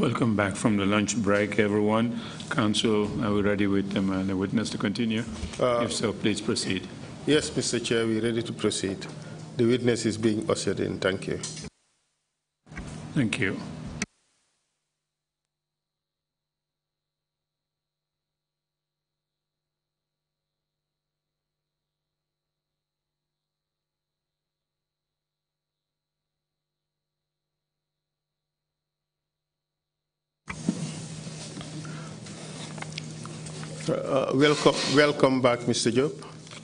Welcome back from the lunch break, everyone. Council, are we ready with um, uh, the witness to continue? Uh, if so, please proceed. Yes, Mr. Chair, we're ready to proceed. The witness is being ushered in. Thank you. Thank you. welcome, welcome back, Mr. Job.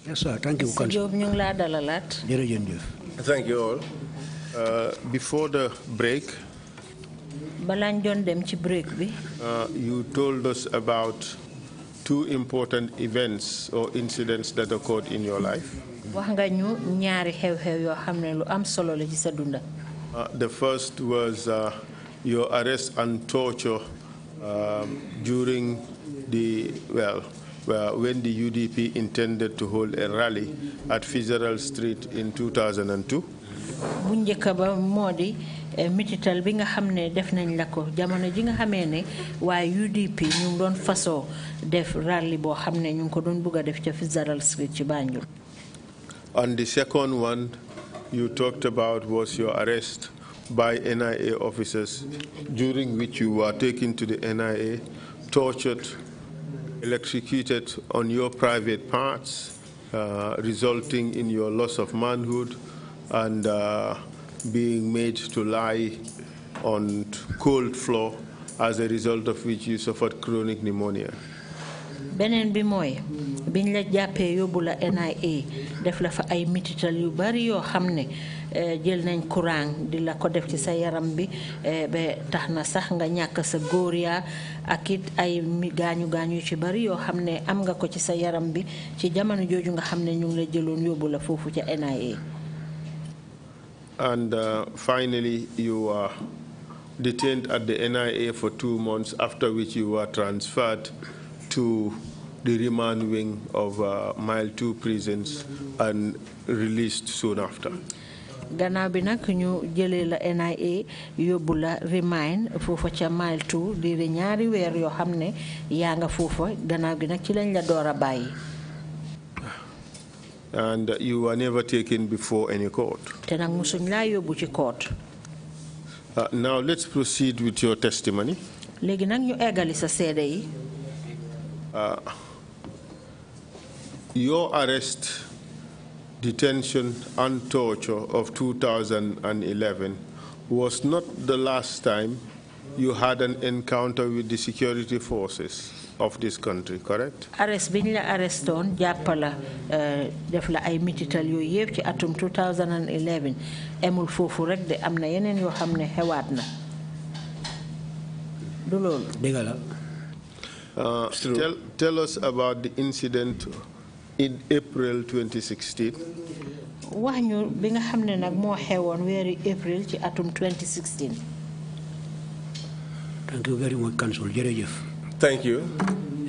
Yes, sir. Thank you. Mr. Job, ñu ngi laa dalalaat. jërëjëf. Thank you all. Uh, before the break, balaa dem ci break uh, you told us about two important events or incidents that occurred in your life. wax nga ñu ñaari xew-xew am solo la uh, the first was uh, your arrest and torture uh, during the well uh, when the UDP intended to hold a rally at Fitzgerald Street in 2002. bu eh, bi nga xam ne def nañ la ko jamono ji nga xamee ne UDP ñu ngi doon def rally boo xam ne ñu ngi ko doon bugg a def ca Street ci Banjul. And the second one you talked about was your arrest by NIA officers during which you were taken to the NIA tortured electrocuted on your private parts, uh, resulting in your loss of manhood and uh, being made to lie on cold floor as a result of which you suffered chronic pneumonia. Benen bi mooy biñ la jàppee yóbbu la NIA def la fa ay mitital yu bari yoo xam ne Eh, jël nañ courant di la ko def ci sa yaram bi eh, be taxna sax nga ñak sa goria ya akit ay mi gañu gañu ci bari yo xamne am nga ko ci sa yaram bi ci jamono joju nga xamne ñu ngi la jëlone yobul la fofu ci NIA. And uh, finally, you are detained at the NIA for two months, after which you were transferred to the remand wing of uh, Mile Two prisons and released soon after. bi ñu la NIA yóbbu la remind mile two ñaari nga gi ci lañ la bàyyi. and you were never taken before any court. te nag musuñ laa yóbbu ci court. Uh, now let's proceed with your testimony. léegi nag ñu eggali sa seede yi. Uh, your arrest detention and torture of 2011 was not the last time you had an encounter with the security forces of this country correct arrest biñ la on jàppala euh, def la ay mitital yooyu yëpp ci atum 2011 emul foofu rek de am na yeneen yoo xam na du loolu dëgg la euh, tell us about the incident in April 2016. 2016. thank you very much council jërëjëf. thank you.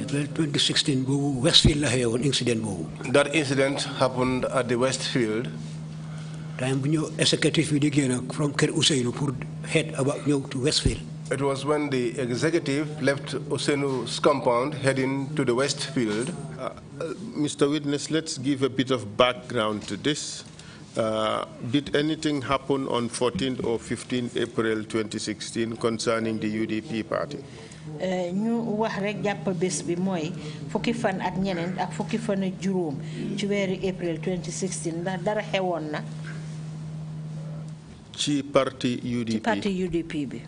April 2016 Westfield la xewoon incident that incident happened at the Westfield. time bu ñëw executive bi di from Kër Ousseynou head about ñëw to Westfield. It was when the executive left Osenu's compound heading to the West Field. Uh, uh Mr. Witness, let's give a bit of background to this. Uh, did anything happen on 14th or 15th April 2016 concerning the UDP party? Eh, ñu wax rek jàpp bés bi mooy fukki fan ak ñeneen ak fukki fan ak juróom ci weeru april 2016 ndax dara xewoon na. ci parti UDP ci parti UDP bi.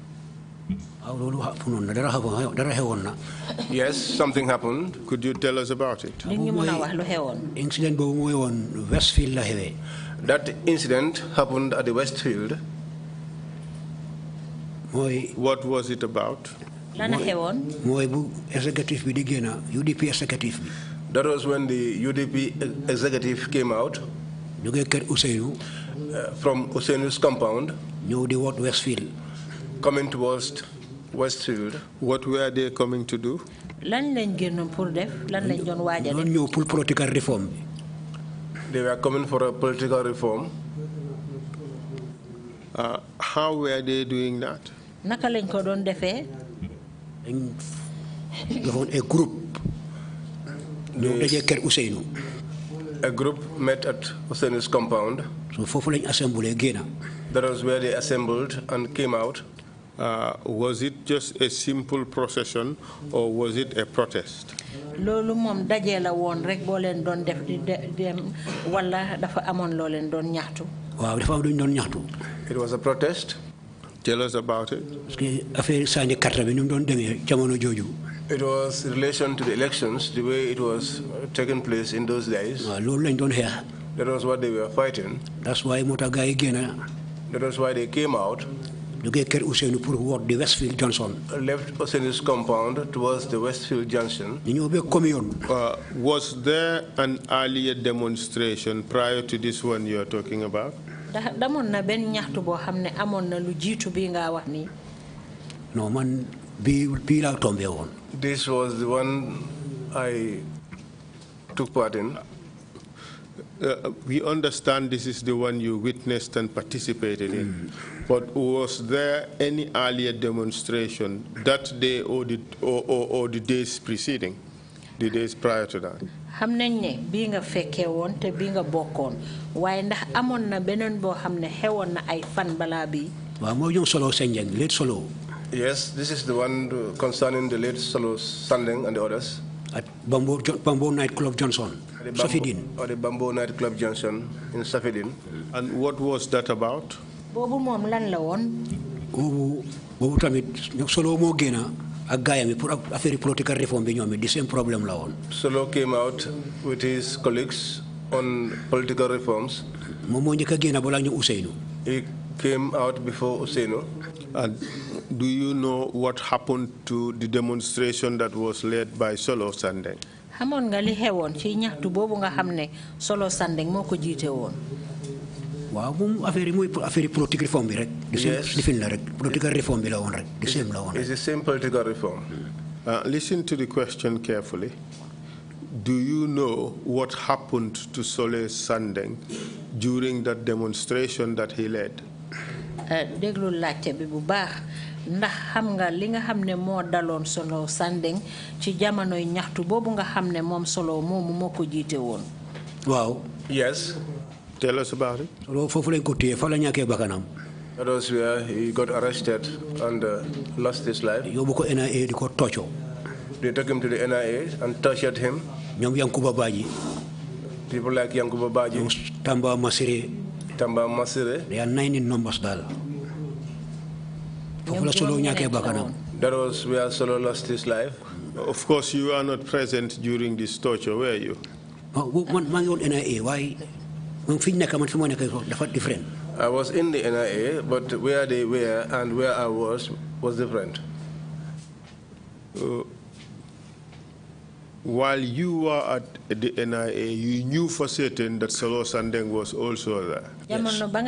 Yes, something happened. Could you tell us about it? That incident happened at the Westfield. What was it about? That was when the UDP executive came out uh, from Useinu's compound. New the Westfield coming to West Westfield. What were they coming to do? lan lañ génnoon pour def lan lañ doon waaj def. ñëw pour political reform They were coming for a political reform. Uh, how were they doing that? naka lañ ko doon defee. dañ a group. ñoo dajee kër Ousseynou. A group met at Ousseynou compound. so foofu lañ assemblé génna. That was where they assembled and came out. Uh, was it just a simple procession or was it a protest? rek def di dem wala dafa ñaxtu. waaw dafa ñaxtu. it was a protest. tell us about it. parce que affaire Sani bi jamono it was in relation to the elections the way it was taking place in those days. waaw lañ that was what they were fighting. that's why moo tax that was why they came out jógee kër Ousseynou pour ward di Westfield Johnson. left Ousseynou compound towards the Westfield Junction. ñu ubbee commune. was there an earlier demonstration prior to this one you are talking about. ndax damoon na benn ñaxtu boo xam ne amoon na lu jiitu bii nga wax nii. non man bii bii laa tombé woon. this was the one I took part in. Uh, we understand this is the one you witnessed and participated in. Mm. But was there any earlier demonstration that day or the, or, or, or the days preceding, the days prior to that? xam nañ ne bii nga fekkee woon te bii nga bokkoon waaye ndax amoon na beneen boo xam ne xewoon na ay fan balaa bii. waaw moo ñu solo Senjang late solo. yes this is the one concerning the late solo Sandeng and the others. at Bambo Bambo Night Club Johnson. Safedin. or the Bambo Night Club Johnson in Safedin. and what was that about. boobu moom lan la woon. boobu tamit solo moo génn ak gaayam yi pour affaire political reform bi ñoom it di seen problème la woon. Solo came out with his colleagues on political reforms. moom moo njëkk a génn balaa ñu Ousseynou. he came out before Ousseynou. and do you know what happened to the demonstration that was led by Solo Sandeng. xamoon nga li xewoon ci ñaxtu boobu nga xam ne Solo Sandeng moo ko jiite woon. waaw affaire yi mooy affaire yi political reform bi rek. di la rek political reform bi la woon rek. di la woon it's the same political reform. Hmm. Uh, listen to the question carefully. Do you know what happened to Solé Sandeng during that demonstration that he led? Eh, déglu laajte bi bu baax ndax xam nga li nga xam ne moo daloon solo Sandeng ci jamonoy ñaxtu boobu nga xam ne moom solo moomu moo ko jiite woon. waaw. yes. Tell us about it. That was where he got arrested and uh, lost his life. They took him to the NIA and tortured him. People like Yankuba Baji. Tamba Masire. Tamba Masire. They are nine in numbers. That was where Solo lost his life. Of course, you are not present during this torture, were you? Why? I was in the NIA, but where they were and where I was was different. Uh, while you were at the NIA, you knew for certain that Solo Sandeng was also there. Yes. Eh, wow.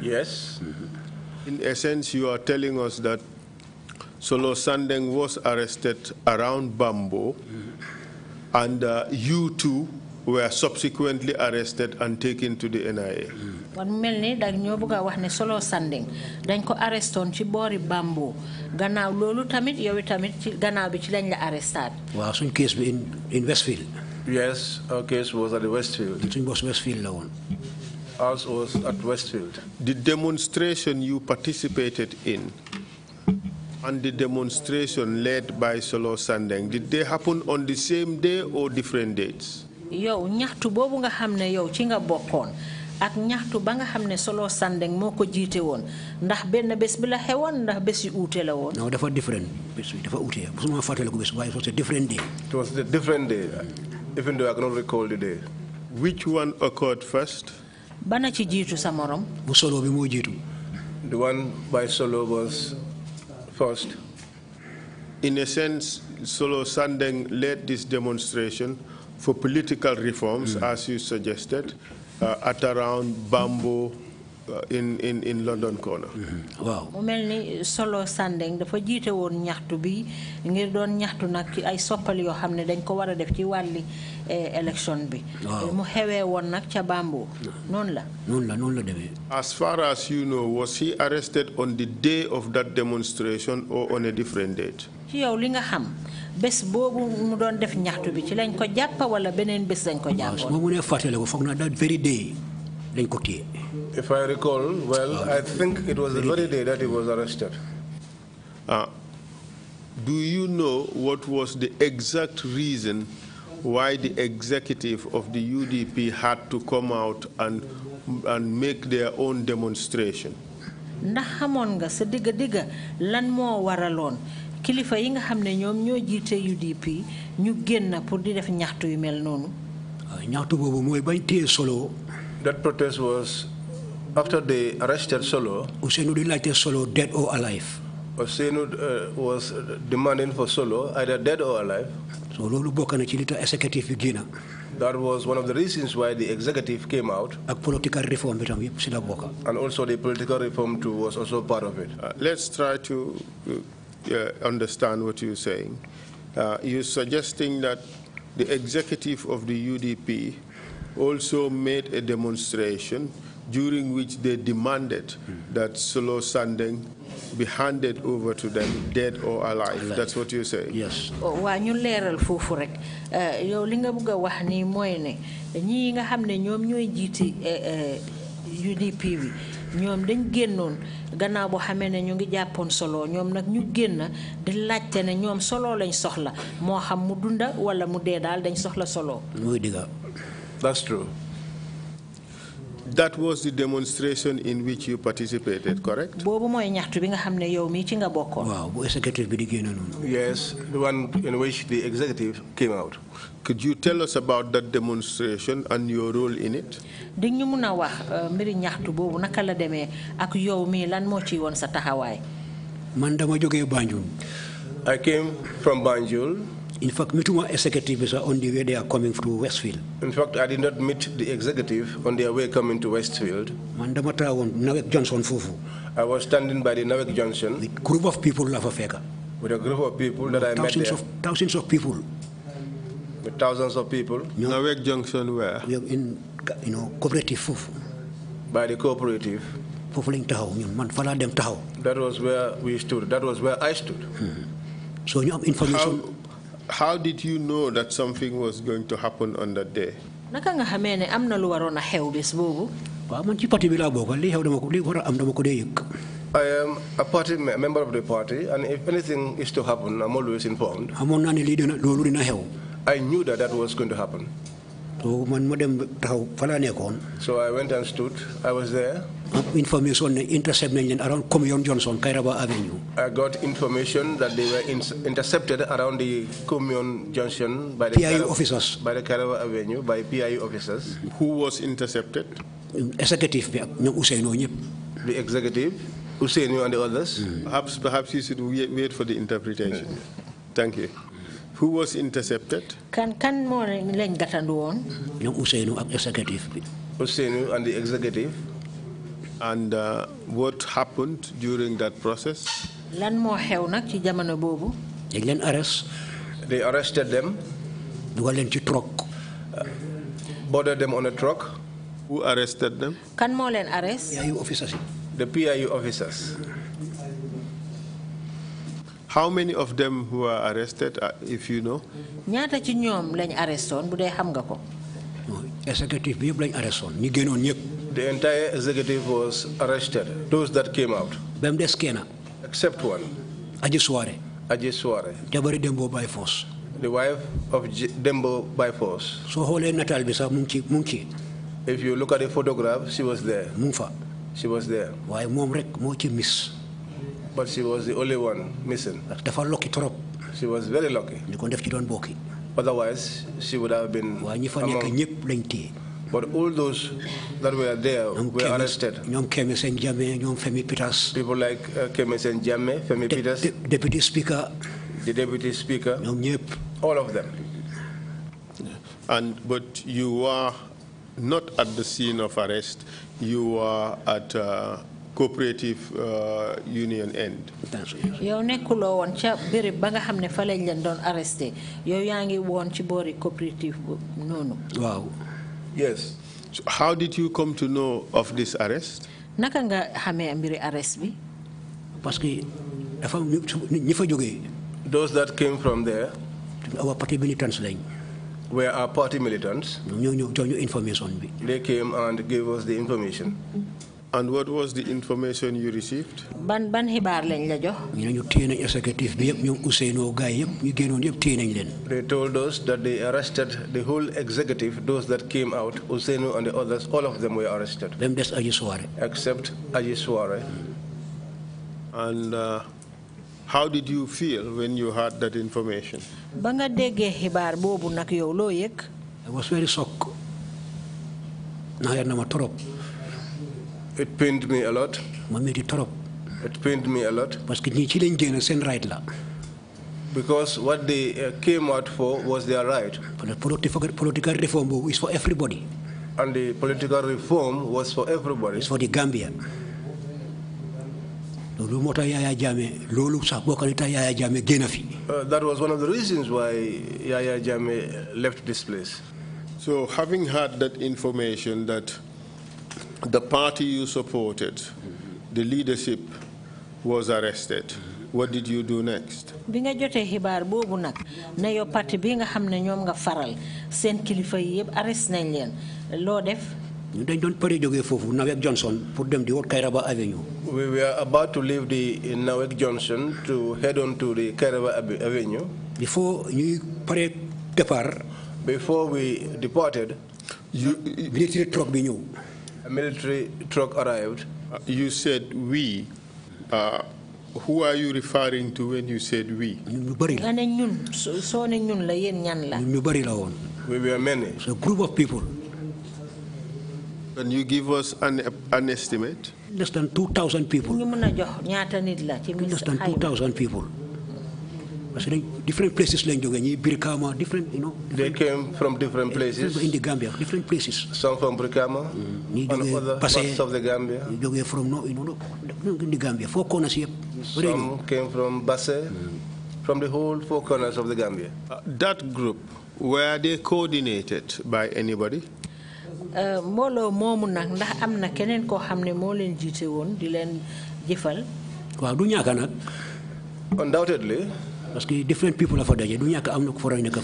Yes. Mm-hmm. In essence, you are telling us that Solo Sandeng was arrested around Bambo. Mm and uh, you two were subsequently arrested and taken to the NIA. wan mel ni dañ ñoo bëgg a wax ne solo Sanding dañ ko arrestoon ci boori Bambo gannaaw loolu tamit yow tamit ci gannaaw bi ci lañ la arrestaat. waaw suñ case bi in in Westfield. yes our case was at the Westfield. suñ boss Westfield la woon. ours was at Westfield. the demonstration you participated in and the demonstration led by Solo Sandeng, did they happen on the same day or different dates? yow ñaxtu boobu nga xam ne yow ci nga bokkoon ak ñaxtu ba nga xam ne Solo Sandeng moo ko jiite woon ndax benn bés bi la xewoon ndax bés yu uute la woon. non dafa different bés bi dafa uute mosuma fàttaliku bés waaye it was a different day. it was a different day even though I cannot recall the day. which one occurred first. bana ci jiitu sa morom. bu solo bi moo jiitu. the one by solo was. First, in a sense, Solo Sandeng led this demonstration for political reforms, mm. as you suggested, uh, at around Bamboo uh, in, in, London Corner. Mm-hmm. Wow. mu Solo Sandeng The jiite woon ñaxtu bi ngir doon ñaxtu nag ci ay soppal yoo xam ne dañ ko war a def élection eh, bi. mu xewee woon nag ca Bambo noonu la. noonu la noonu la demee. as far as you know was he arrested on the day of that demonstration or on a different date. ci yow li nga xam bés boobu mu doon def ñaxtu bi ci lañ ko jàpp wala beneen bés lañ ko jàppoon. waaw su ma mënee fàttaliku foog naa that very day dañ ko téye. if I recall well I think it was the very day that he was arrested. ah do you know what was the exact reason why the executive of the UDP had to come out and, and make their own demonstration. ndax xamoon nga sa digga digga lan moo waraloon kilifa yi nga xam ne ñoom UDP ñu génn pour di def ñaxtu yu mel noonu. Ah, ñaxtu boobu mooy bañ téye solo. that protest was after they arrested Solo. Usenu didn't like Solo dead or alive. Usenu uh, was demanding for Solo either dead or alive so bokk na ci li tax executive bi that was one of the reasons why the executive came out. ak political reform bi tam la bokk. and also the political reform too was also part of it. Uh, let's try to uh, uh understand what you're saying. Uh, you're suggesting that the executive of the UDP also made a demonstration during which they demanded that Solo Sandeng be handed over to them, dead or alive. That's what you say. Yes. Oh, waa ñu leeral foofu rek eh, yow li nga bëgg a wax nii mooy ne ñii nga xam ne ñoom ñooy jiiti eh, eh, UDP bi ñoom dañ génnoon gannaaw boo xamee ne ñu ngi jàppoon solo ñoom nag ñu génn di laajte ne ñoom solo lañ soxla moo xam mu dunda wala mu dee daal dañ soxla solo. That's true. That was the demonstration in which you participated, correct? yes the one in which the executive came out. Could you tell us about that demonstration and your role in it? Euh, Banjul. I came from Banjul. In fact, Mituma executive is on the way they are coming to Westfield. In fact, I did not meet the executive on their way coming to Westfield. Johnson Fufu. I was standing by the Nawek Johnson. The group of people of Africa. With a group of people that thousands I met there. Of, thousands of people. With thousands of people. You know, Nawek Johnson where? In, you know, cooperative Fufu. By the cooperative. That was where we stood. That was where I stood. Hmm. So you have information. How how did you know that something was going to happen on that day? naka nga xamee ne am na lu waroon a xew bés boobu. waaw man ci parti bi laa bokk li xew dama ko li war am dama ko dee yëg. I am a party a member of the party, and if anything is to happen, I'm always informed. I knew that that was going to happen so I went and stood I was there. information intercepted around Comion Johnson Kairaba Avenue. I got information that they were in intercepted around the Comion Junction by the PIU officers by the Kairaba Avenue by PIU officers. Who was intercepted? Mm, executive The executive Ousseynou and the others. Perhaps perhaps you should wait for the interpretation. Mm. Thank you. Who was intercepted? Can kan mo lañ gatandu won? Ñom Ousseynou ak executive Usainu and the executive. And uh, what happened during that process? Lan mo xew nak ci jamono bobu? Dañ arrest. They arrested them. Dugal len ci truck. Uh, Boarded them on a truck. Who arrested them? Kan mo len arrest? PIU officers. The PIU officers. How many of them who are arrested, uh, if you know? Nyata ci ñoom lañ arrestoon bu dee xam nga ko. executive bi yëpp lañ arrestoon ñi génnoon ñëpp. The entire executive was arrested. Those that came out. ba mu des kenn. Except one. Aji Suware. Aji Suware. jabari Dembo by force. The wife of J Dembo by force. soo xoolee Natal bi sax mu ngi mu ngi If you look at the photograph, she was there. mu fa. She was there. waaye moom rek moo ci miss but she was the only one missing dafa lucky she was very lucky li ko def ci doon bokki otherwise she would have been ñi fa lañ But all those that were there were arrested. People like uh, Kemi Senjame, Femi De Peters, Deputy Speaker, the Deputy Speaker, all of them. And but you were not at the scene of arrest. You were at uh, cooperative uh, union end. yow ba nga fa lañ leen doon yow ci coopérative yes. how did you come to know of this arrest. naka nga xamee mbiri arrest bi. parce que dafa ñi fa those that came from there. our party militants lañ. were our party militants. ñu information bi. they came and gave us the information. And what was the information you received? Ban ban hibar lañ la jox. Ñu ñu téé nañ executive bi yépp ñoom Ousseynou gaay yépp ñu gënoon yépp téé nañ leen. They told us that they arrested the whole executive those that came out Ousseynou and the others all of them were arrested. Dem des Aji Suware. Except Aji Suware. And uh, how did you feel when you heard that information? Ba nga déggee xibaar boobu nag yow loo yëg? I was very shocked. Naa yar na ma trop. It pained me a lot. It pained me a lot. because what they uh, came out for was their right. Political reform is for everybody. And the political reform was for everybody. It's for the Gambian. Uh, that was one of the reasons why Yaya Jame left this place. So, having had that information that the party you supported, the leadership was arrested. What did you do next? bi nga jotee xibaar boobu nag ne yow parti bi nga xam ne ñoom nga faral seen kilifa yi yëpp arrest nañ leen loo def. ñu dañ doon pare jógee foofu Nawek Johnson pour dem di wër Kairaba Avenue. we were about to leave the Nawek Johnson to head on to the Kairaba Avenue. before ñuy pare départ. before we departed. you military truck bi ñëw a military truck arrived. Uh, you said we. Uh, who are you referring to when you said we? We were many. It's a group of people. Can you give us an, an estimate? Less than 2,000 people. Less than 2,000 people different places like jógee ñi different you know. they came from eh, different places. in the Gambia different places. some from Brikama. ñi jógee Basse of the Gambia. ñi from no you know in the Gambia four corners some came from Basse. Mm. from the whole four corners of the Gambia. Uh, that group were they coordinated by anybody. Uh, mbooloo moomu nag ndax am na keneen koo xam ne moo leen di leen jëfal. du undoubtedly parce que different people are for daje du ñak amna ko fa roy nek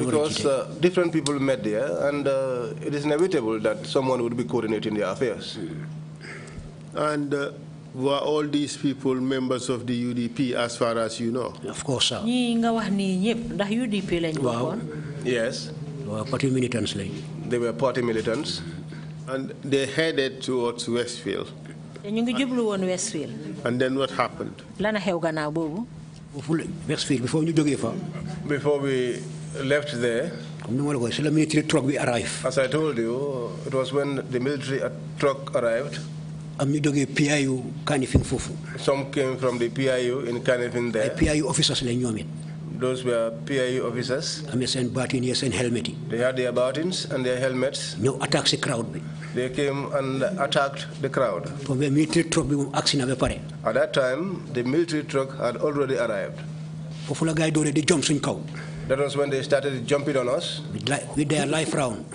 because uh, different people met there and uh, it is inevitable that someone would be coordinating their affairs hmm. and uh, were all these people members of the UDP as far as you know of course sir ñi nga wax ni ñep ndax UDP lañ bokkon yes well, party militants lañ they were party militants and they headed towards Westfield ñu ngi jublu won Westfield and then what happened lana xew gannaaw bobu before we left there, as I told you, it was when the military truck arrived. Some came from the PIU in Some came from The PIU in officers those were PIU officers. Amé sen batin ye sen helmeti. They had their batons and their helmets. No attack the crowd They came and attacked the crowd. For the military truck bi mum aksi na be At that time, the military truck had already arrived. Fofu la gaay doole di jom suñ kaw. That was when they started jumping on us. With, li with their life round.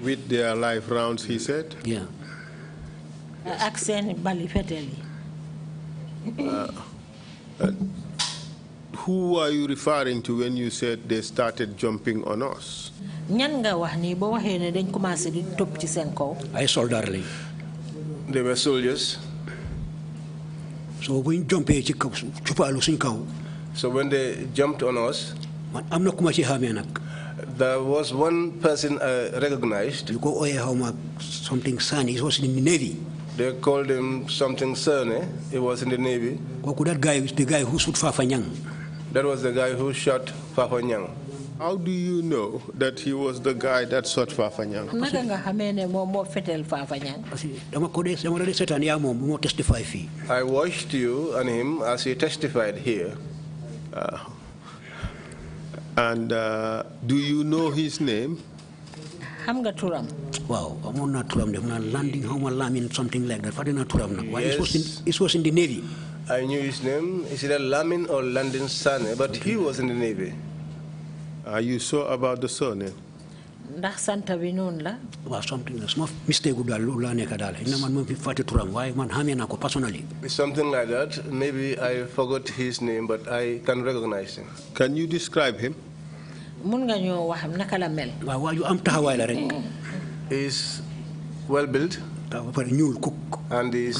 With their life rounds, he said? Yeah. Accent Balifeteli. Uh, uh, who are you referring to when you said they started jumping on us? ñan nga wax ni boo waxee ne dañ commencé di topp ci ay soldats lañ. they were soldiers. so bu ñu jompee ci kaw cuppaalu suñ kaw. so when they jumped on us. man am na ku ma ci xamee nag. there was one person I uh, recognized. ñu ko ooyee xaw ma something sani he was in the navy. They called him something Cerny. He was in the Navy. Koku, that guy is the guy who shot Fafanyang. That was the guy who shot Fafanyang. How do you know that he was the guy that shot Fafanyang? Nyang? Uh, testify I watched you and him as he testified here. Uh, and uh, do you know his name? xam nga turam waaw amoon naa turam def naa landing xaw ma Lamin something like that fàtte naa turam nag waaye it was in it was in the navy I knew his name is it a Lamin or Landing Sane but he was in the navy are you sure about the surname eh? ndax sant bi noonu la waaw something la suma mistake daal loolu laa nekk daal ina man moom fi fàtte turam waaye man xamee naa ko personally something like that maybe I forgot his name but I can recognize him can you describe him mun nga ñoo wax naka la mel. waaw am taxawaay la rek. Mm. is well built. ba pare ñuul and is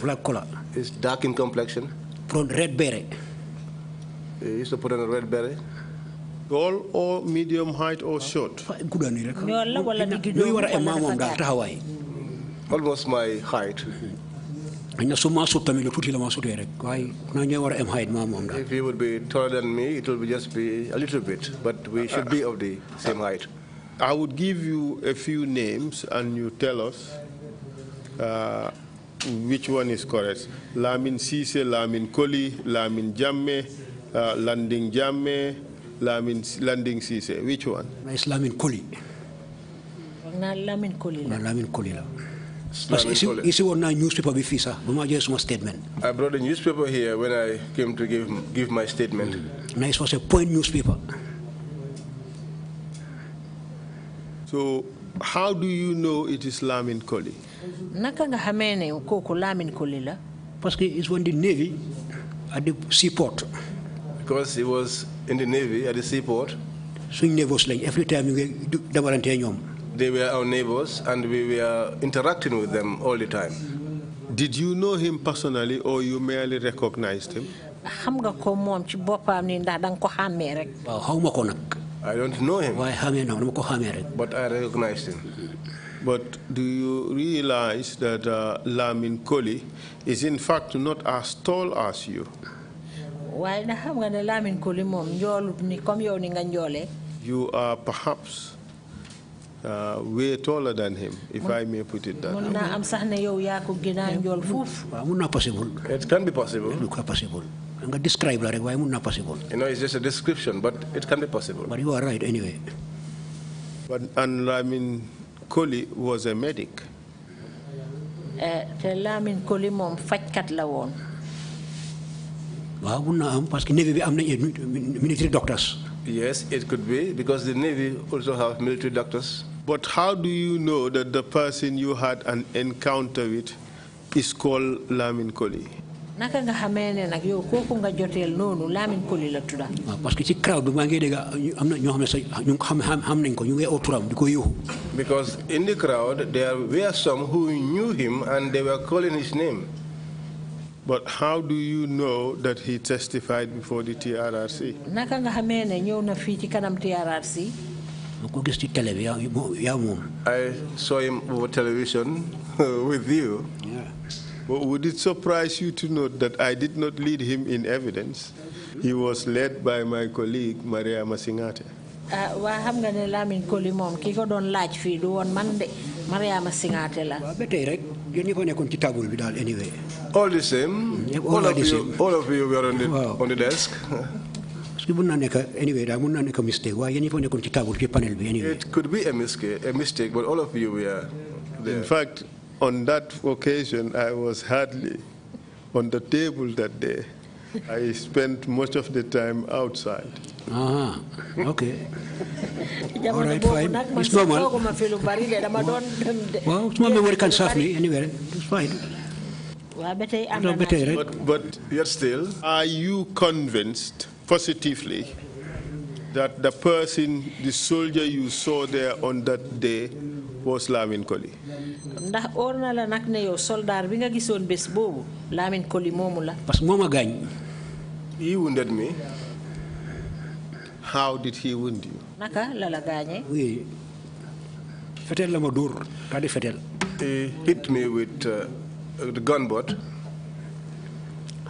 black uh, colour. is dark in complexion. from red beret. Eh, is to put on a red beret. tall or medium height or short. guddaan rek. ñoo la wala a moom daal taxawaay. almost my height. Mm-hmm. If he would be taller than me it will just be a little bit but we should be of the same height. I would give you a few names and you tell us uh, which one is correct. Lamin Sise, Lamin Koli, Lamin Jamme, uh, Landing Jamme, Lamin Landing Sise. Which one? It's Lamin Koli. Lamin Koli. Lamin Koli. Issue, issue on newspaper We just one statement. I brought a newspaper here when I came to give give my statement. Mm. Now it was a point newspaper. So how do you know it is Lamin Koli? Naka hamene ukoko Lamin Koli la? Because it's on the navy at the seaport. Because he was in the navy at the seaport. So never slang. every time you get double and ten they were our neighbors, and we were interacting with them all the time. Did you know him personally, or you merely recognized him? I don't know him. but I recognized him. But do you realize that uh, Lamin Koli is in fact not as tall as you? You are perhaps uh, way taller than him, if I may put it that way. possible It can be possible. possible describe la possible You know, it's just a description, but it can be possible. but you are right anyway But, and mean, Koli was a medic. Eh, Koli am navy military doctors Yes, it could be, because the Navy also have military doctors. But how do you know that the person you had an encounter with is called Lamin Koli? noonu ah, because in the crowd there were some who knew him and they were calling his name. But how do you know that he testified before the TRRC? na kanam TRRC. I saw him over television with you. Yeah. Well, would it surprise you to note that I did not lead him in evidence? He was led by my colleague Maria Masingate. Ah, anyway. all the same. Mm, all of you all of you were on the on the desk. It anyway, I make a mistake. Why any point to table panel anyway? It could be a mistake, a mistake, but all of you were there. In fact, on that occasion, I was hardly on the table that day. I spent most of the time outside. Ah, okay. All right, fine. It's normal. well, it's normal where can serve me Anyway, It's fine. But, but yet still, are you convinced positively that the person, the soldier you saw there on that day was Lamin Koli. ndax óor na la nag ne yow soldaar bi nga gisoon bés boobu Koli moomu la. parce que gaañ. he wounded me. how did he wound you. naka la la oui fetel la ma dóor di fetel. he hit me with uh, the gun butt.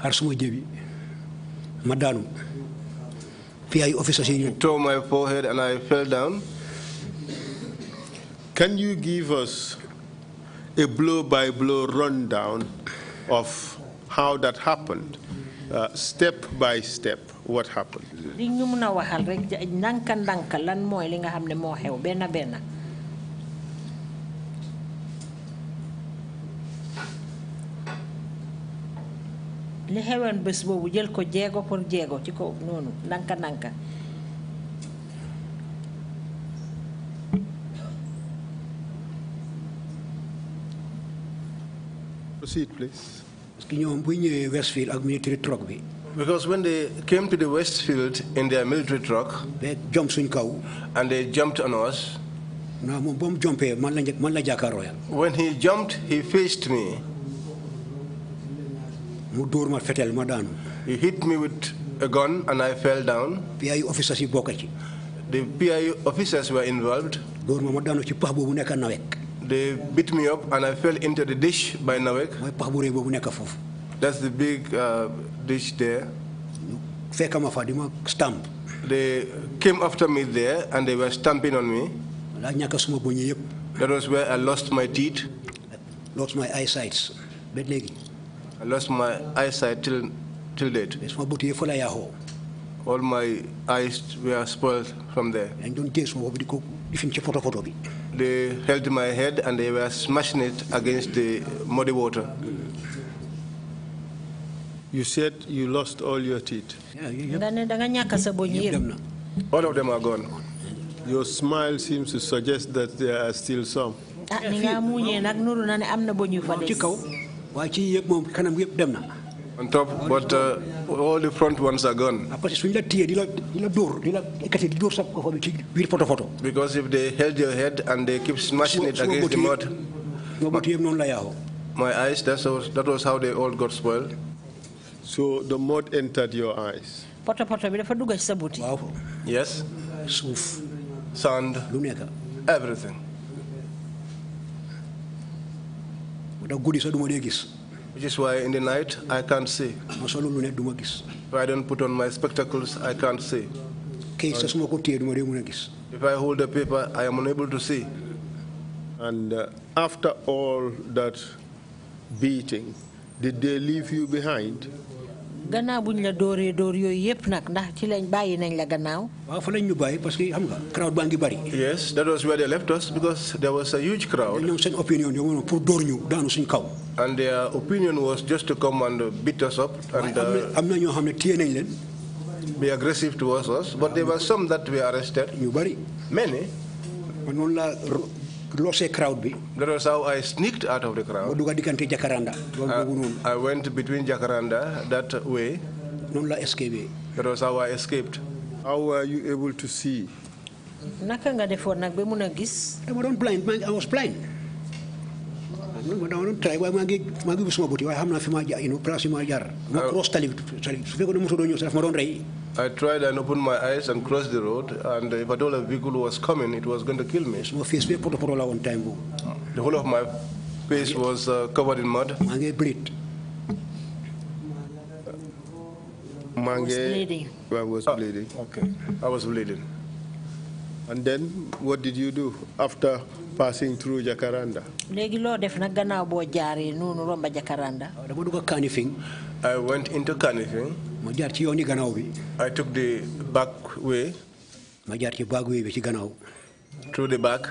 xar suma jëbi ma daanu. FBI officers. You tore my forehead and I fell down. Can you give us a blow-by-blow -blow rundown of how that happened, uh, step by step? What happened? boobu jël ko jéego jéego ci noonu nanka nanka proceed please parce que ñoom ñëwee Westfield ak military truck bi Because when they came to the Westfield in their military truck, they jumped Sunko. And they jumped on us. When he jumped, he faced me he hit me with a gun and I fell down. PIU officers the PIU officers were involved. they beat me up and I fell into the dish by Nawek. that's the big uh, ditch there. stamp. they came after me there and they were stamping on me. that was where I lost my teeth. lost my eyesight I lost my eyesight till, till date. All my eyes were spoiled from there. They held my head and they were smashing it against the muddy water. You said you lost all your teeth. All of them are gone. Your smile seems to suggest that there are still some. Ah, on top, but uh, all the front ones are gone. Because if they held your head and they keep smashing it against the mud, my eyes, that's that was how they all got spoiled. So the mud entered your eyes? Yes. Sand. Everything. which is why in the night I can't see. if I don't put on my spectacles I can't see if I hold the paper I am unable to see and uh, after all that beating did they leave you behind Gana buñ la dooree door yooyu yëpp nag ndax ci lañ bàyyi nañ la gannaaw. waaw fa lañ ñu bàyyi parce que xam nga crowd baa ngi bari. yes that was where they left us because there was a huge crowd. ñoom seen opinion ñoom pour door ñu daanu suñ kaw. and their opinion was just to come and beat us up. and uh, am na ñoo xam ne téye nañ leen. be aggressive towards us but there were some that were arrested. ñu bari. many. man noonu crowd That was how I sneaked out of the crowd. I went between Jacaranda that way. I That was how I escaped. How were you able to see? I was blind, I was blind. I tried and opened my eyes and crossed the road, and if at all a vehicle was coming, it was going to kill me. The whole of my face was uh, covered in mud. Mange, was bleeding. I was ah, bleeding. Okay. I was bleeding. And then what did you do after passing through Jacaranda? I went into Kanifing ci bi. I took the back way. ma ci back way bi ci gannaaw. through the back.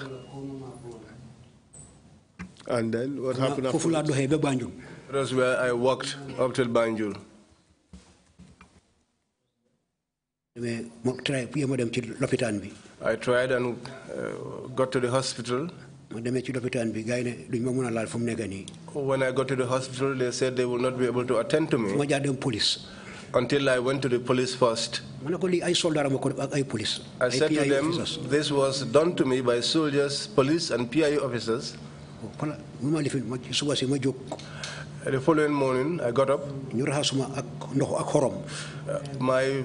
and then what happened after? foofu ba Banjul. That's where I walked up to Banjul. I tried and uh, got to the hospital. When I got to the hospital, they said they will not be able to attend to me until I went to the police first. I said to them, this was done to me by soldiers, police, and PI officers. Oh, the following morning, I got up. Uh, my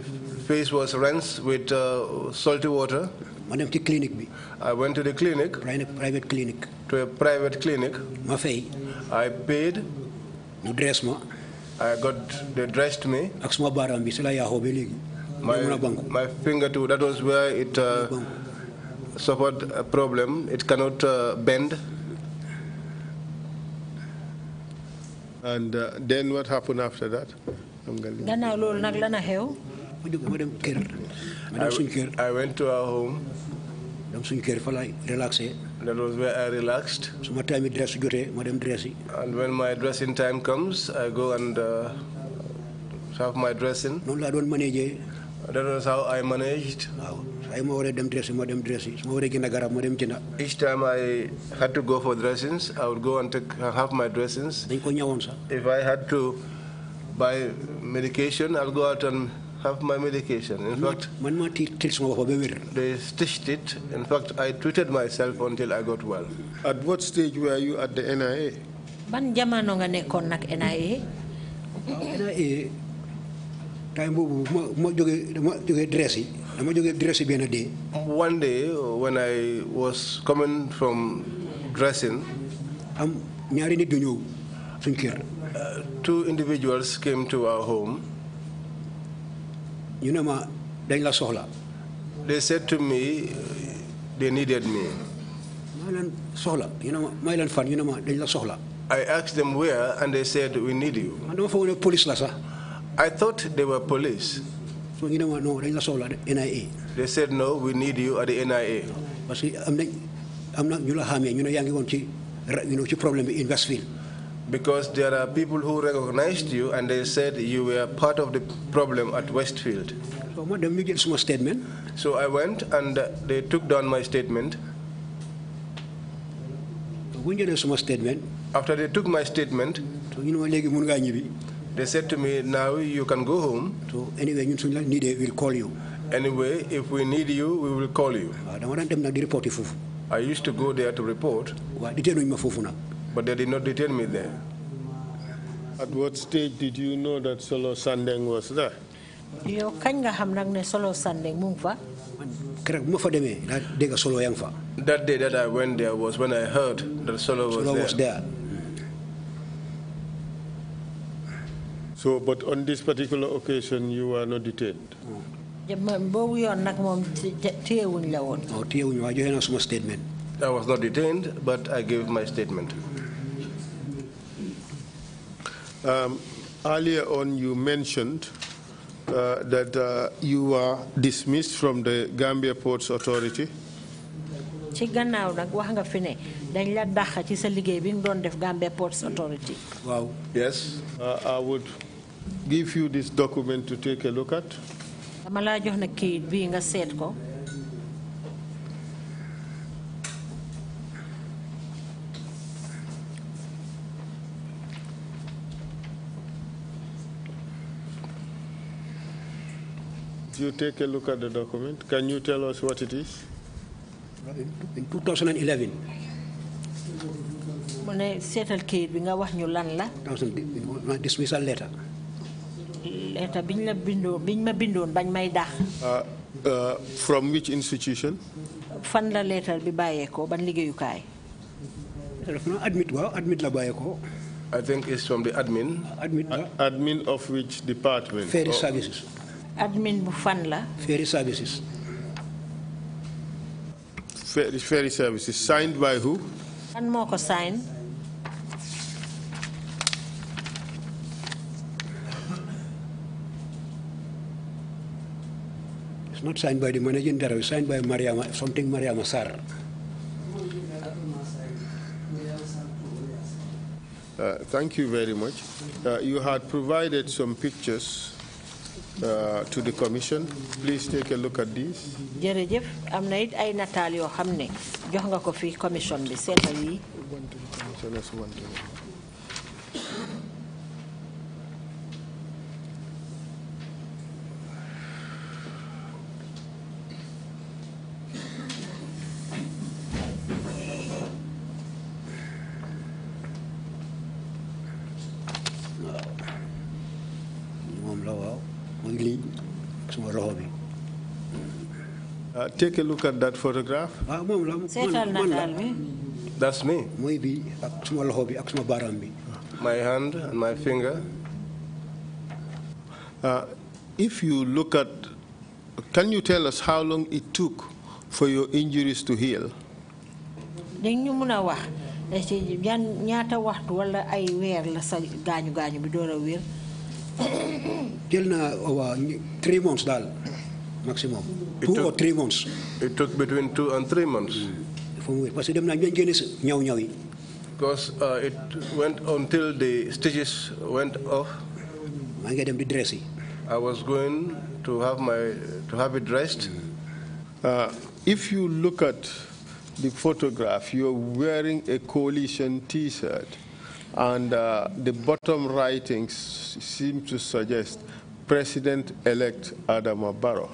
face was rinsed with uh, salty water. I went to the clinic. Private, clinic. To a private clinic. I paid. I got they dressed me. my my finger too that was where it uh, suffered a problem it cannot uh, bend. and uh, then what happened after that. I, I went to our home dem suñu kër fa laay relaxé. that was where I relaxed. so my time dress good, ma dem dress and when my dressing time comes I go and uh, have my dressing. I do doon manager. that was how I managed. i ay ma waree dem dress ma dem dress su ma waree jënd garab ma dem each time I had to go for dressings I would go and take have my dressings. dañ ko if I had to buy medication I'll go out and have my medication. In fact, they stitched it. In fact, I treated myself until I got well. At what stage were you at the NIA? Ban jamono nga nekkon nak NIA? NIA time bobu ma joge ma joge dress yi dama joge dress yi ben day. One day uh, when I was coming from dressing am ñaari nit do ñew suñ kër. Uh, two individuals came to our home ñu ne ma dañ la soxla. they said to me they needed me. ma leen soxla ñu ne ma may leen fan ñu ne ma dañ la soxla. I asked them where and they said we need you. man dama foog ne police la sax. I thought they were police. so ñu ne ma non dañ la soxla NIA. they said no we need you at the NIA. parce que am nañ am na ñu la xàmmee ñu ne yaa ngi woon ci ra ñu ne ci problème bi Investville because there are people who recognized you and they said you were part of the problem at Westfield. So I went and they took down my statement. After they took my statement, they said to me, now you can go home. So anyway, we'll call you. Anyway, if we need you, we will call you. Ah, I used to go there to report. But they did not detain me there. At what stage did you know that Solo Sandeng was there? yow kañ nga xam nag ne solo Sandeng mu fa. keroog bu fa solo yaa fa. that day that I went there was when I heard that solo was there. solo was there. Hmm. so but on this particular occasion you were not detained. Oh, statement. I was not detained but I gave my statement. Um, earlier on, you mentioned uh, that uh, you were dismissed from the Gambia Ports Authority. ci gannaaw nag wax nga fi ne dañ la dàq ci sa liggéey bi nga def Gambia Ports Authority. Wow. yes. Uh, I would give you this document to take a look at. dama laa jox na kayit bii nga ko. you take a look at the document, can you tell us what it is? In 2011. mu ne seetal kayit bi nga wax ñu lan la. my dismissal letter. letter biñ la bindoon ma bindoon bañ may dax. Uh, uh, from which institution? fan la letter bi bàyyeekoo ban liggéeyukaay. daf admit wa? admit la ko. I think it's from the admin. Admin, admin of which department? Ferry oh. services admin bu fan la. ferry services. ferry ferry services signed by who. kan more ko sign. It's not signed by the managing director, it's signed by Mariama, something Mariama Sar. Uh, thank you very much. Uh, you had provided some pictures uh, to the commission. Please take a look at this. jërëjëf am na it ay nataal yoo xam ne jox nga ko commission bi Take a look at that photograph. That's me. My hand and my finger. Uh, if you look at, can you tell us how long it took for your injuries to heal? three months maximum. It two took, or three months. It took between two and three months. Hmm. Parce que Because uh, it went until the stitches went off. I get them di I was going to have my to have it dressed. Hmm. Uh, if you look at the photograph, you're wearing a coalition T-shirt, and uh, the bottom writings seem to suggest President-elect Adama Barrow.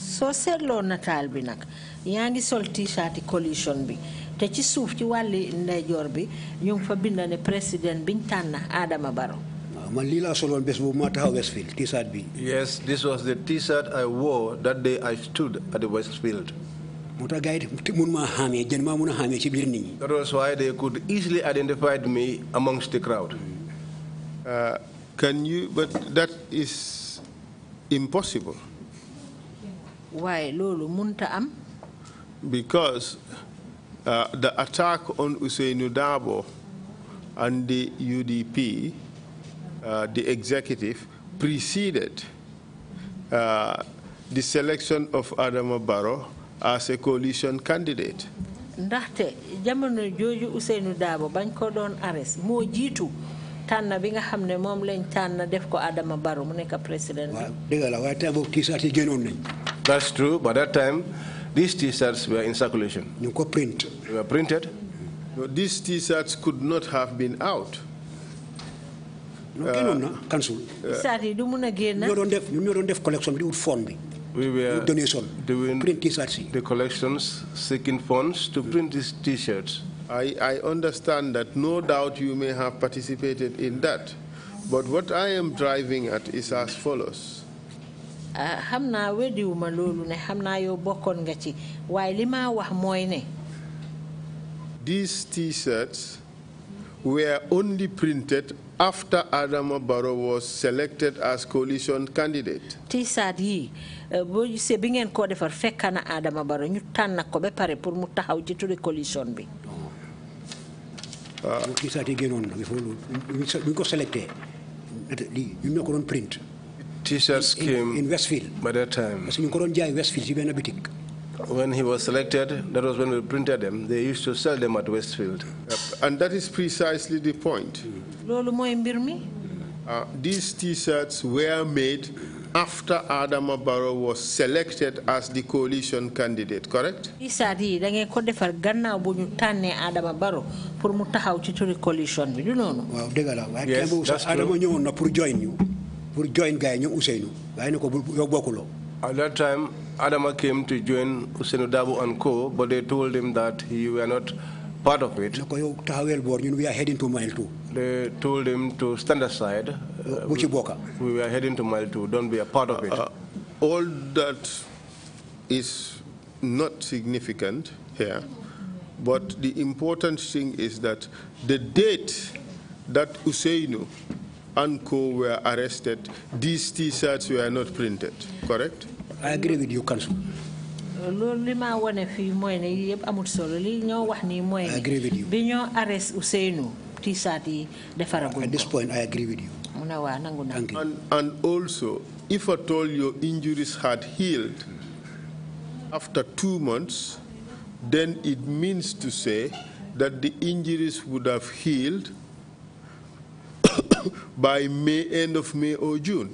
So seetloo nataal bi nag yaa ngi sol t-shirt coalition bi te ci suuf ci wàlli ndeyjoor bi ñu fa ne président biñ tànn Adama Barrow. man lii laa soloon bés taxaw Westfield t-shirt bi. yes this was the t-shirt I wore that day I stood at the Westfield. moo tax gars yi mun maa xàmmee jën maa mun ci nit ñi. that was why they could easily identify me amongst the crowd. Uh, can you but that is impossible. Why, loolu munta am because uh, the attack on Usainu Dabo and the UDP, uh, the executive, preceded uh, the selection of Adama Barrow as a coalition candidate. ndaxte jamono jooju Ousseynou Daabo bañ ko doon arrest moo jiitu tànn bi nga xam ne moom lañ Adama Barrow mu président bi. waaw la waaye tey boobu tiisaat yi that's true. By that time, these T-shirts were in circulation. print. They were printed. No, these T-shirts could not have been out. Uh, cancel. You don't have you don't would fund me. We were donation. Doing print T-shirts. The collections seeking funds to print these T-shirts. I, I understand that no doubt you may have participated in that. But what I am driving at is as follows Ah, xam naa loolu ne xam naa yow bokkoon nga ci waaye li wax mooy ne. these T-shirts were only printed after Adama Barrow was selected as coalition candidate. T-shirt yi eh, boo gisee bi ngeen defar fekk na Adama Barrow ñu tànn ko ba pare pour mu taxaw ci coalition bi. Ah. T-shirt yi génnoon na ñu ko selecté ñu ñoo ko doon print. T-shirts came in Westfield. by that time. Westfield When he was selected, that was when we printed them. They used to sell them at Westfield. And that is precisely the point. loolu Uh, these T-shirts were made after Adama Barrow was selected as the coalition candidate, correct? coalition yes that's true pour join ko At that time, Adama came to join Ousseynou Dabo and co, but they told him that he were not part of it. We are heading to mile two. They told him to stand aside. Uh, we, we are heading to mile two. Don't be a part of it. Uh, uh, all that is not significant here, but the important thing is that the date that Usainu and co were arrested, these T-shirts were not printed, correct? I agree with you, Council. I agree with you. at this point I agree with you and also if at all your injuries had healed after two months then it means to say that the injuries would have healed by May, end of May or June.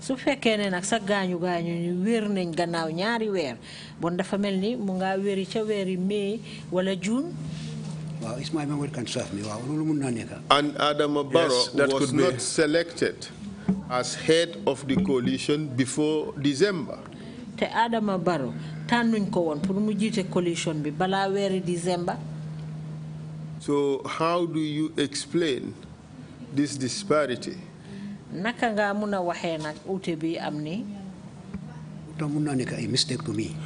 su fekkee nag sa gaañu gaañu ñu wér nañ gannaaw ñaari weer bon dafa mel ni mu ngaa wéri ca weeri mai wala june And Adama Barrow was not selected as head of the coalition before December. Te Adama tànnuñ ko woon pour mu jiite coalition bi balaa weeri December. So how do you explain this disparity? Nakanga muna wahena a amni. nag uute bi am mistake to me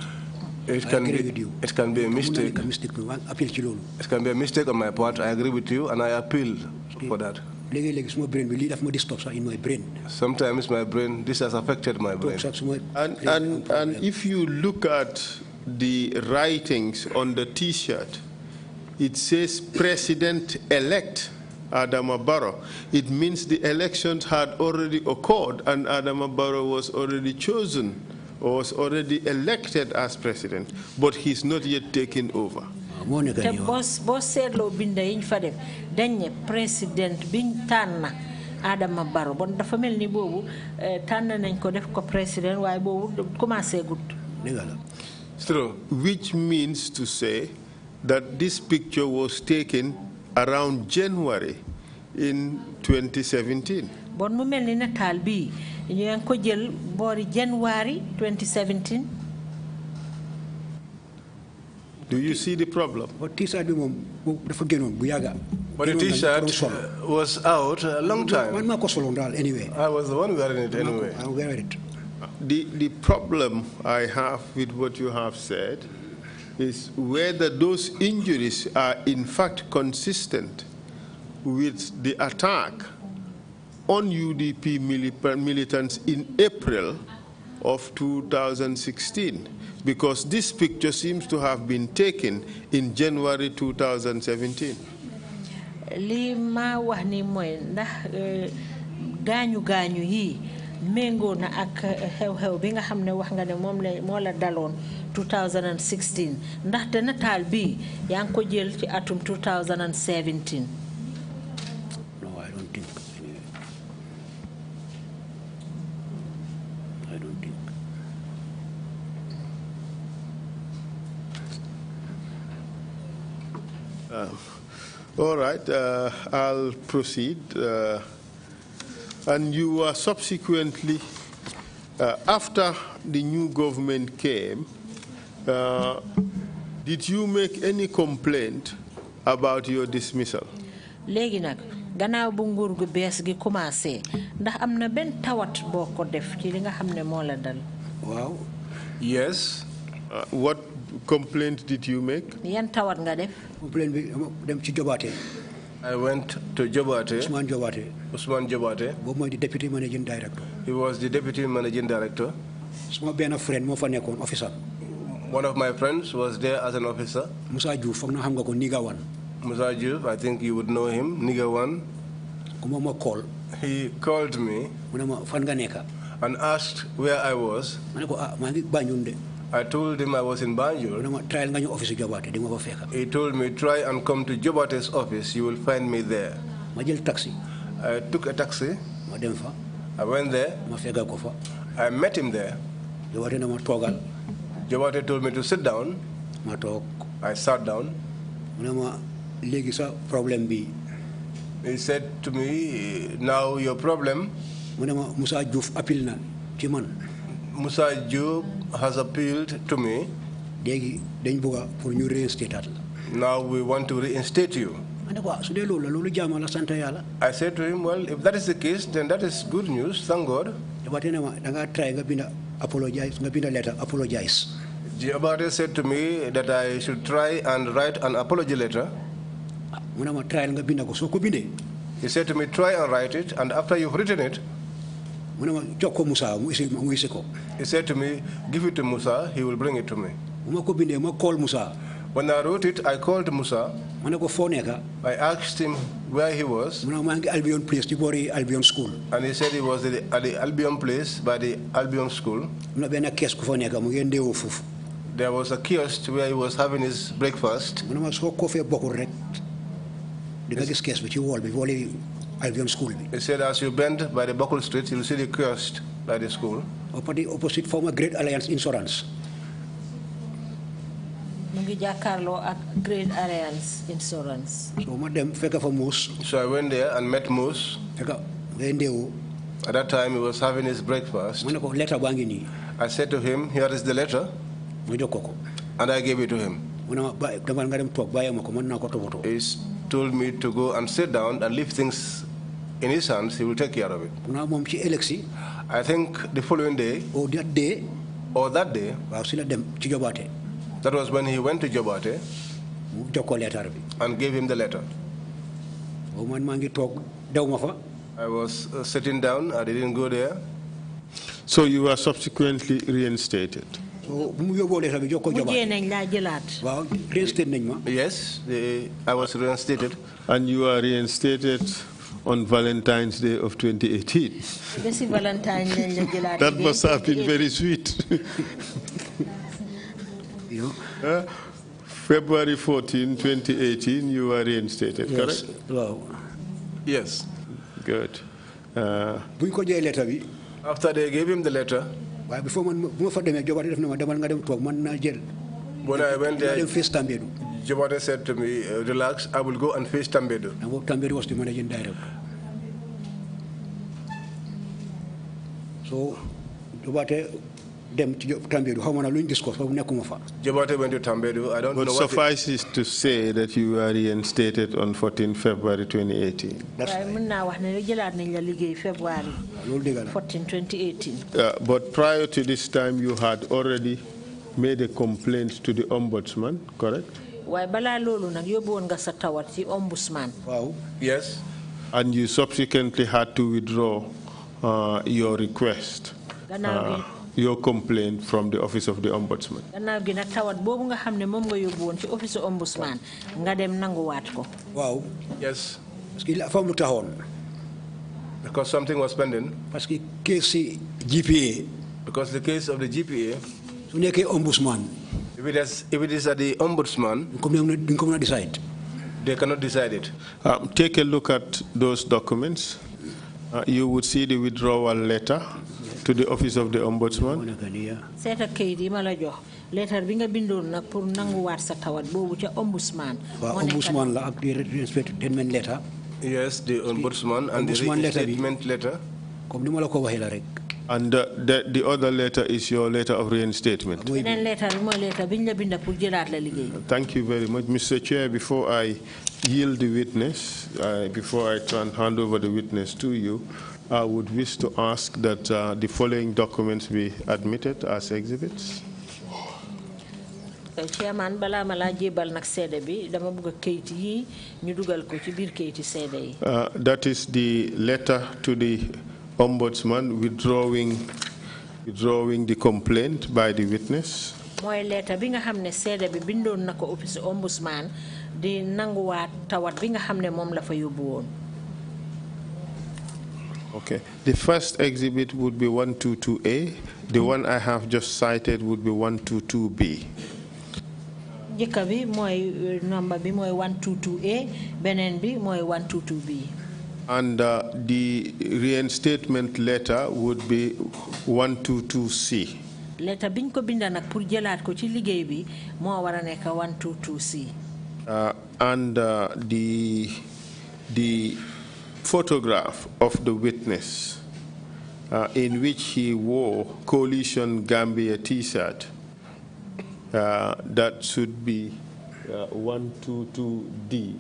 It can, be, it can be a mistake. It can be a mistake on my part. I agree with you and I appeal for that. Sometimes my brain, this has affected my brain. And, and, and if you look at the writings on the T-shirt, it says President-elect Adama Barrow. It means the elections had already occurred and Adama Barrow was already chosen or was already elected as president, but he's not yet taken over. te boss said bind yi ñu fa def dañ président biñ tànn Adama Barrow bon dafa family ni boobu eh, tànn nañ ko def ko président waaye boobu commencé gudd. So, which means to say that this picture was taken around January in 2017. bon mu mel ni nataal bi ñu ngi ko jël January 2017. do you see the problem. ba T-shirt bi moom dafa génnoon bu yàgga. But the T-shirt was out a long time. I was the one wearing it anyway. I wear it. The the problem I have with what you have said is whether those injuries are in fact consistent with the attack on UDP militants in April of 2016 because this picture seems to have been taken in January 2017. Eh, na ak eh, ne 2016 ndaxte nataal bi yaa ngi ko jël ci atum 2017. no I don't think I don't think. Uh, all right uh, I'll proceed uh, and you were subsequently after the new government came. Uh, did you make any complaint about your dismissal? Legi nag gannaaw bu nguur gu bees gi commencé ndax am na tawat boko def ci li nga xam ne la dal. Wow. yes. Uh, what complaint did you make? yan tawat nga def. complaint bi dem ci Jobaate. I went to Jobate. Usman Jobate. Usman Jobate. Bob was the deputy managing director. He was the deputy managing director. Small Ben friend, mo more for officer. One of my friends was there as an officer. Musa Diouf foog na xam nga ko Wan. Musa Diouf I think you would know him Nigawan. Wan. call. he called me. and asked where I was. Ah, I told him I was in Banjul. He told me, try and come to Jobate's office. You will find me there. I took a taxi. I went there. I met him there. Jobate told me to sit down. ma I sat down. mu ne ma sa problem bi. he said to me now your problem. mu ne ma Moussa Diouf appel na ci man. Diouf has appealed to me. dañ pour ñu la. now we want to reinstate you. Ah, I said to him, well, if that is the case, then that is good news, thank God apologize, a letter, apologize. Giabate said to me that I should try and write an apology letter. He said to me, try and write it, and after you've written it, he said to me, give it to Musa, he will bring it to me. When I wrote it, I called Musa. I asked him where he was. Albion Place, Albion School. And he said he was at the, Albion Place by the Albion School. There was a kiosk where he was having his breakfast. He said, as you bend by the Buckle Street, you'll see the kiosk by the school. Opposite former Great Alliance Insurance mu ngi jàkkaarloo ak Great Alliance Insurance. so ma dem fekk fa Moose. so I went there and met Moose. fekk ngay ndeewu. At that time, he was having his breakfast. letter I said to him, Here is the letter. And I gave it to him. dem He told me to go and sit down and leave things in his hands. He will take care of it. I think the following day, or that day, or that day, dem that was when he went to Jabate. letter and gave him the letter. I was uh, sitting down. I didn't go there. So you were subsequently reinstated. Yes, I was reinstated. And you were reinstated on Valentine's Day of 2018. that must have been very sweet. you. Uh, February 14, 2018, you were reinstated, yes. correct? Hello. Yes. Good. Uh, After they gave him the letter, Why before? foo man bu ma fa demee Jobaate def na ma demal man naa jël. When I went there, dem said to me, uh, relax, I will go and face Tambedu. And what Tambedu was the managing director. So Jobaate dem ci na discuss fa. I don't know what suffices to say that you were reinstated on 14 February 2018. mën naa wax ne jëlaat nañ la liggéey 14 2018. Uh, but prior to this time you had already made a complaint to the ombudsman correct. waaye balaa loolu nag yóbbu woon nga sa tawat ci ombudsman. waaw yes. and you subsequently had to withdraw uh, your request. gannaaw your complaint from the office of the ombudsman gannaaw gi nag tawat boobu nga xam ne nga yóbbu woon ci office ombudsman nga dem nanguwaat ko waaw yes parce que fa mu because something was pending parce que case GPA because the case of the GPA su nekkee ombudsman if it is if it is at the ombudsman duñ ko mën decide they cannot decide it um, take a look at those documents uh, you would see the withdrawal letter to the office of the ombudsman seeta kayit yi ma la jox leetar bi nga bindoon nag pour nanguwaat sa tawat boobu ca ombudsman waaw ombudsman la ak reinstatement letter yes the ombudsman and the reinstatement letter comme ni ma la ko waxee la rek and the, the, other letter is your letter of reinstatement. Thank you very much. Mr. Chair, before I yield the witness, uh, before I hand over the witness to you, I would wish to ask that uh, the following documents be admitted as exhibits. Uh, chairman bi dama yi ñu ko ci yi. Uh, that is the letter to the ombudsman withdrawing withdrawing the complaint by the witness. mooy letter bi nga xam ne bi bindoon na ko office ombudsman di tawat bi nga xam ne moom la fa yóbbu woon. Okay. The first exhibit would be 122A. The hmm. one I have just cited would be 122B. njëkk bi mooy eh, number bi moi 122A beneen bi mooy 122B. and uh, the reinstatement letter would be 122C. letter biñ ko binda nag pour jëlaat ko ci liggéey bi moo 122C. Uh, and uh, the the photograph of the witness uh, in which he wore Coalition Gambia T-shirt uh, that should be 122D. Uh,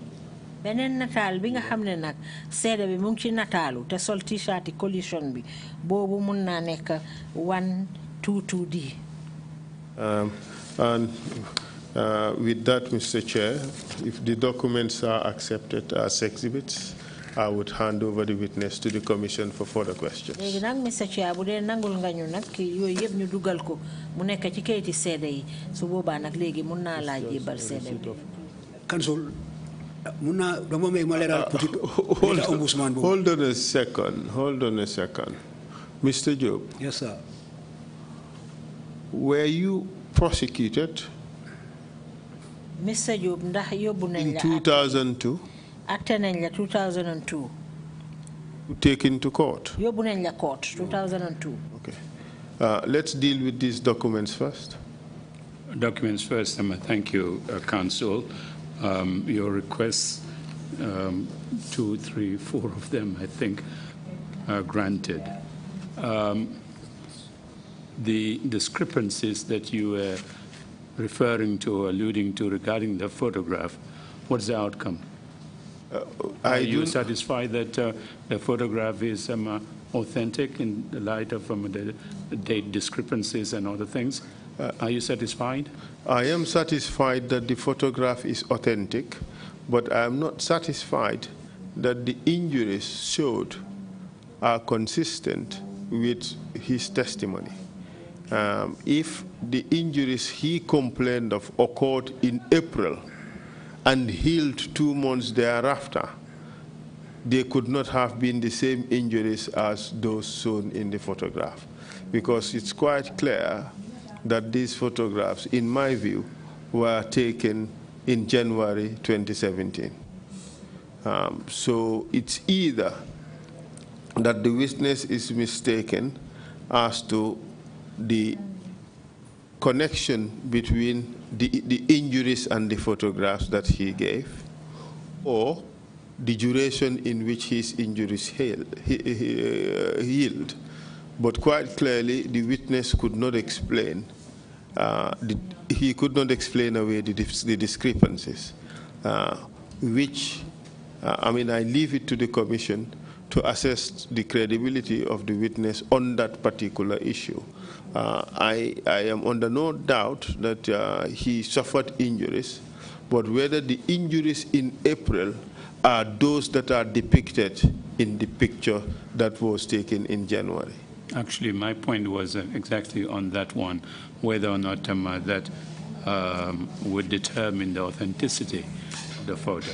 Benen Natal, bi nga xam ne nag seede bi mu ngi ci nataalu te sol t-shirt coalition bi boobu mun na nekk 122D. Um, and uh, with that, Mr. Chair, if the documents are accepted as exhibits. I would hand over the witness to the commission for further questions. léegi Council ah, hold on a second hold on a second Mr Job. yes sir. were you prosecuted. Mr Job, in 2002 acte nañ la 2002 taken to court yóbbu nañ court 2002 okay uh, let's deal with these documents first documents first Emma. thank you uh, council um, your requests um, two three four of them I think are granted um, the discrepancies that you were referring to or alluding to regarding the photograph what's the outcome uh, are you satisfied that uh, the photograph is um, uh, authentic in the light of um, the date discrepancies and other things? are you satisfied? I am satisfied that the photograph is authentic, but I am not satisfied that the injuries showed are consistent with his testimony. Um, if the injuries he complained of occurred in April, and healed two months thereafter, they could not have been the same injuries as those shown in the photograph. Because it's quite clear that these photographs, in my view, were taken in January 2017. Um, so it's either that the witness is mistaken as to the connection between the, the injuries and the photographs that he gave, or the duration in which his injuries uh, healed. But quite clearly, the witness could not explain, uh, the, he could not explain away the, the discrepancies, uh, which, uh, I mean, I leave it to the commission to assess the credibility of the witness on that particular issue. Uh, I, I am under no doubt that uh, he suffered injuries, but whether the injuries in April are those that are depicted in the picture that was taken in January. Actually, my point was uh, exactly on that one, whether or not um, uh, that um, would determine the authenticity of the photo.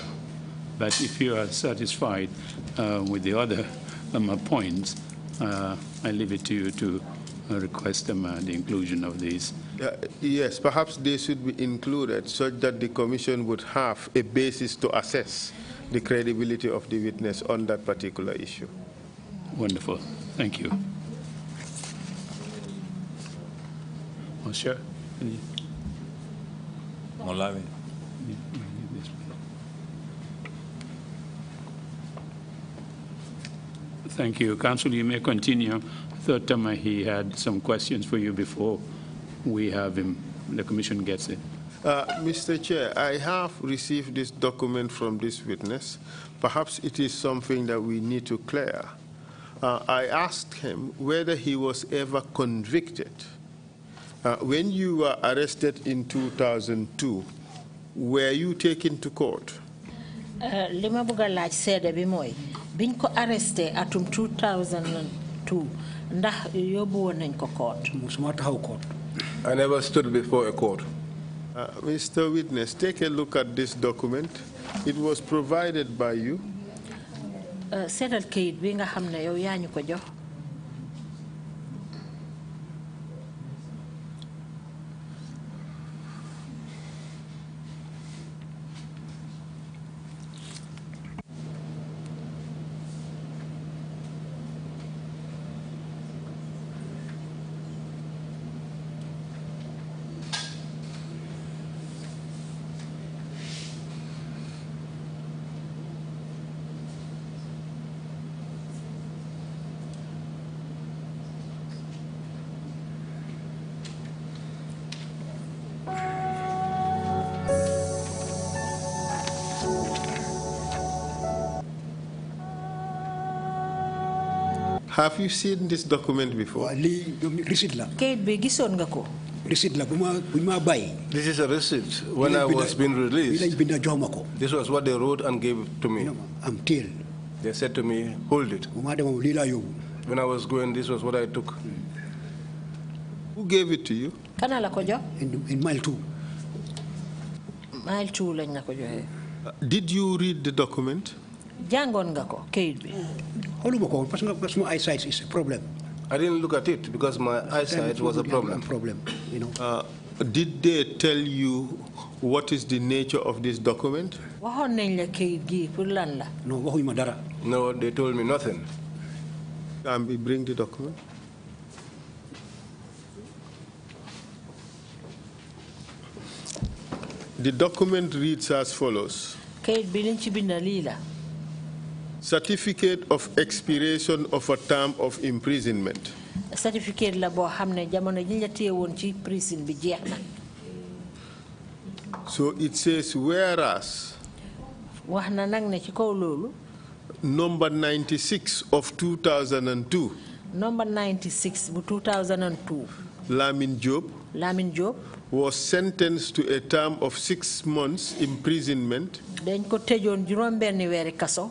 But if you are satisfied uh, with the other um, uh, points, I leave it to you to request uh, the inclusion of these? Uh, yes, perhaps they should be included such that the commission would have a basis to assess the credibility of the witness on that particular issue. Wonderful. Thank you. Monsieur? Malawi. Thank you. Council, you may continue third time uh, he had some questions for you before we have him, the commission gets it. Uh, Mr. Chair, I have received this document from this witness. Perhaps it is something that we need to clear. Uh, I asked him whether he was ever convicted. Uh, when you were arrested in 2002, were you taken to court? Uh, li ma bëgg a laaj arrested atum 2002 ndax yóbbu woon nañ ko court. musuma taxaw court. I never stood before a court. Uh, Mr. Witness, take a look at this document. It was provided by you. Uh, kayit bi nga xam ne yow yaa ñu ko jox. Have you seen this document before? receipt la. kayit bi gisoon nga ko. receipt la bu ma bu This is a receipt when I was being released. This was what they wrote and gave to me. Until They said to me, hold it. When I was going, this was what I took. Who gave it to you? kana la in mile two. mile two la ko joxee. Eh. Uh, did you read the document? nga ko bi. ko parce que eyesight is a problem. I didn't look at it because my eyesight was a problem. problem you know. Uh, did they tell you what is the nature of this document? nañ la gi pour lan la. dara. no they told me nothing. can we bring the document. The document reads as follows. kayit bi liñ ci bind lii la certificate of expiration of a term of imprisonment certificate la boo hamne ne jamono ji la téye prison bi jeex na so it says whereas wax na nag ne ci kaw loolu number 96 of 2002 number 96 bu 2002 Lamin Job Lamin Job was sentenced to a term of six months imprisonment dañ ko tëjoon juróom benn weeri kaso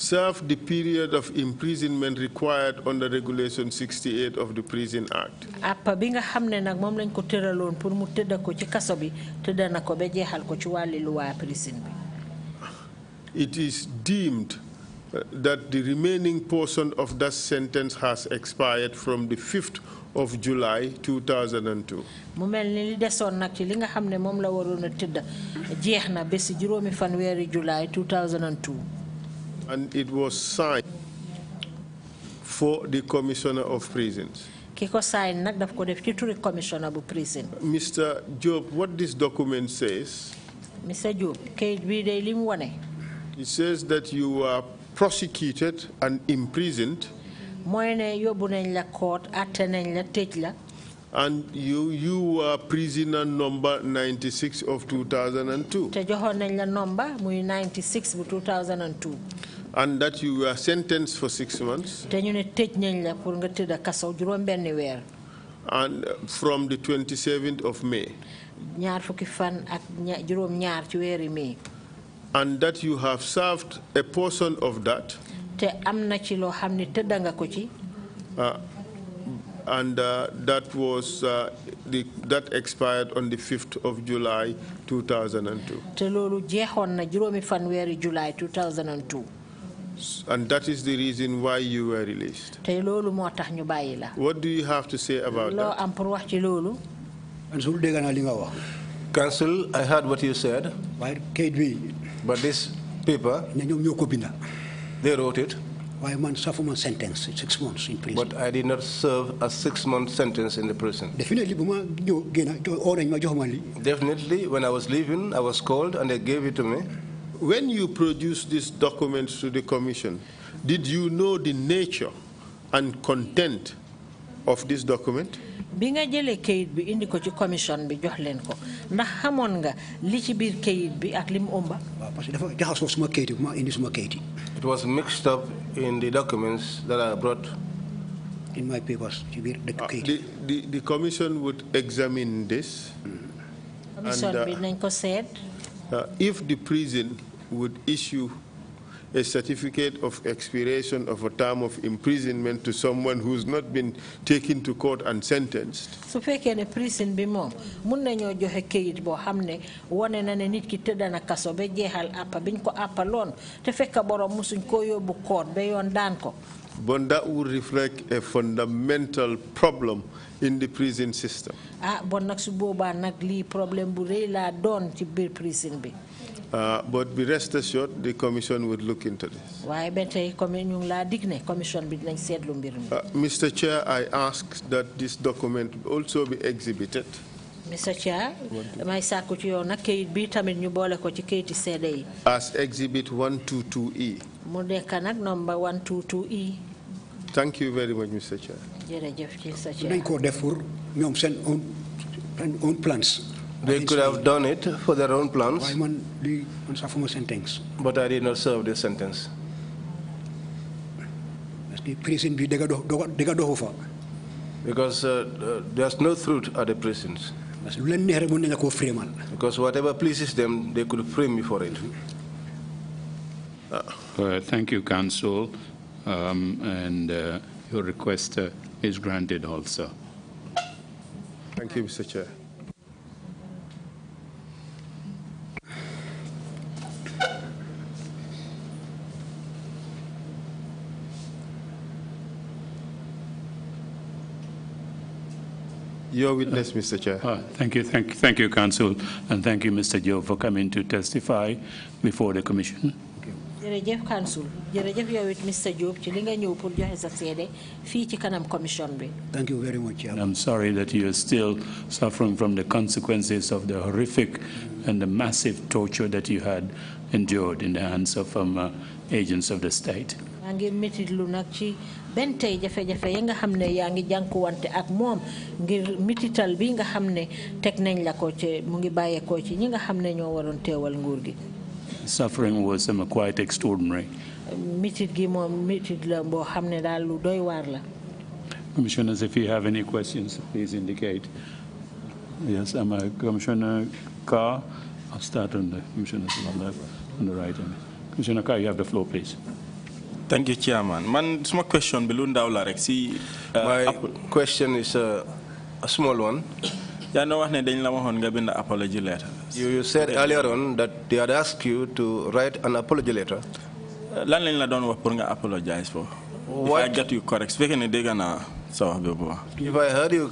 serve the period of imprisonment required under regulation 68 of the prison act nag mu ko ci kaso bi na ko ko ci prison bi it is deemed uh, that the remaining portion of that sentence has expired from the 5th of July 2002. July 2002 and it was signed for the commissioner of prisons. Kiko sign nak daf ko def ci commissioner of prison. Mr. Job, what this document says? Mr. Job, kayit bi day It says that you were prosecuted and imprisoned. Moy yobu nañ la court, atté nañ la And you you were prisoner number 96 of 2002. Te joxon nañ number muy 96 bu 2002 and that you were sentenced for six months. And uh, from the 27th of May. And that you have served a portion of that. Uh, and uh, that was uh, the, that expired on the 5th of July 2002. And that is the reason why you were released. What do you have to say about that? Council, I heard what you said. But this paper. They wrote it. waaye man sentence six months in prison. But I did not serve a six month sentence in the prison. Definitely, when I was leaving, I was called and they gave it to me when you produced this document to the commission, did you know the nature and content of this document? bi nga jëlee kayit bi indi ko commission bi jox leen ko ndax xamoon nga li ci biir kayit bi ak lim ëmba. it was mixed up in the documents that I brought. in my papers ci ah, the, the the commission would examine this. commission uh, bi nañ ko uh, if the prison would issue a certificate of expiration of a term of imprisonment to someone who's not been taken to court and sentenced. su fekkee ne prison bi moom mun nañoo joxe kayit boo xam ne wone na ne nit ki tëdd na kaso ba jeexal àppa biñ ko àppaloon te fekk borom musuñ koo yóbbu koot ba yoon daan ko. But that would reflect a fundamental problem in the prison system. ah but nag su boobaa nag lii problème bu rëy laa doon ci prison bi. Uh, but be rest assured, the commission would look into this. Uh, Mr. Chair, I ask that this document also be exhibited. Mr. Chair, may sàkku ci yow nag as exhibit 122E. mu number 122E. thank you very much Mr. Chair. jërëjëf ci sa Chair. own plans. They could have done it for their own plans. But I did not serve this sentence. Because uh, uh, there's no truth at the prisons. Because whatever pleases them, they could frame me for it. Mm-hmm. Uh, uh, thank you, Council. Um, and uh, your request uh, is granted also. Thank you, Mr. Chair. Your witness, Mr. Chair. Uh, thank you, thank, thank you, Council, and thank you, Mr. Joe, for coming to testify before the Commission. jërëjëf council jërëjëf yow it Mr Diop ci li you ñëw a joxe sa commission thank you very much. I'm sorry that you are still suffering from the consequences of the horrific and the massive torture that you had endured in the hands of um, uh, agents of the state ngi ci jafe-jafe nga ak ngir mitital bi nga nañ la ko ci mu ngi ci ñi nga nguur gi. Suffering was um, quite extraordinary. mitit gi la lu doy la. if you have any questions, please indicate. Yes, am Commissioner Carr. I'll start on the Commissioner on the, right. Commissioner Carr, you have the floor, please. Thank you, Chairman. Man, small question bi lu ndaw My question is a, uh, a small one. yaa noo wax ne dañ la waxoon apology letter. You said earlier on that they had asked you to write an apology letter. Uh, lan lañ wapunga doon apologize for. What? If I get you correct, speaking in Degana, so If I heard you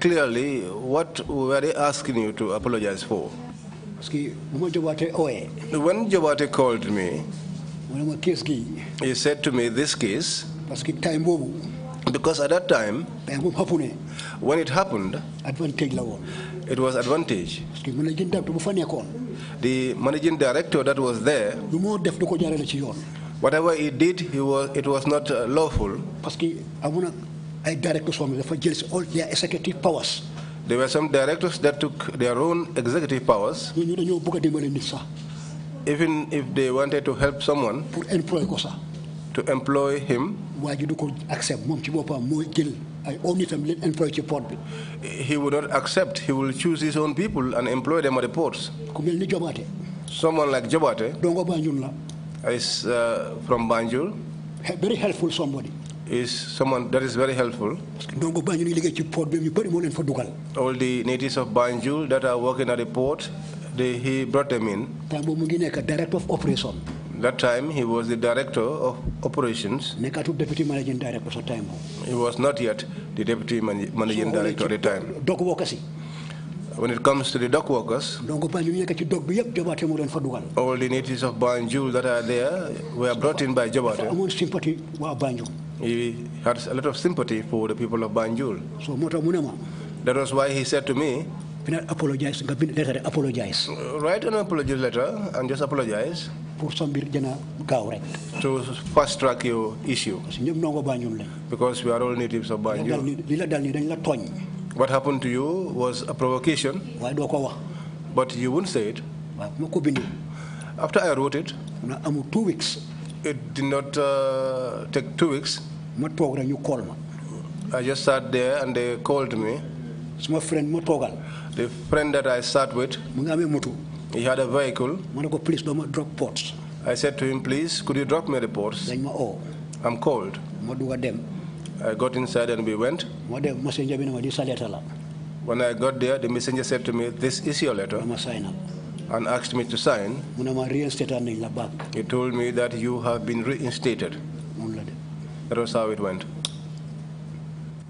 clearly, what were they asking you to apologize for? When Jobate called me, he said to me, This case, because at that time, when it happened, it was advantage. The managing director that was there, whatever he did, he was, it was not uh, lawful. There were some directors that took their own executive powers even if they wanted to help someone pour ko to employ him du ko accept ci ay ci port bi he would not accept he will choose his own people and employ them at the ports ku mel ni someone like do dongo Banjul la is uh, from Banjul very helpful somebody is someone that is very helpful. All the natives of Banjul that are working at the port, he brought them in. Director of Operation. That time he was the director of operations. deputy managing director at time. He was not yet the deputy managing director at the time. Dog workers. When it comes to the dock workers, all the natives of Banjul that are there were brought in by Jobate. He had a lot of sympathy for the people of Banjul. That was why he said to me, be apologize nga bind letter apologize write an apology letter and just apologize pour sa mbir jëna gaaw rek to fast track your issue ñom nongo bañul lañ because we are all natives of Banjul li la dal ni dañ la togn what happened to you was a provocation way do ko wax but you wouldn't say it after i wrote it amu 2 weeks it did not uh, take 2 weeks ma tok rek ñu call ma i just sat there and they called me my friend mo togal the friend that i sat with mu ngi moto he had a vehicle ma ne ko please do ma drop pots i said to him please could you drop me the dañ ma oh. i'm cold dem i got inside and we went dem ma di la when i got there the messenger said to me this is your letter ma sign up and asked me to sign, he told me that you have been reinstated. That was how it went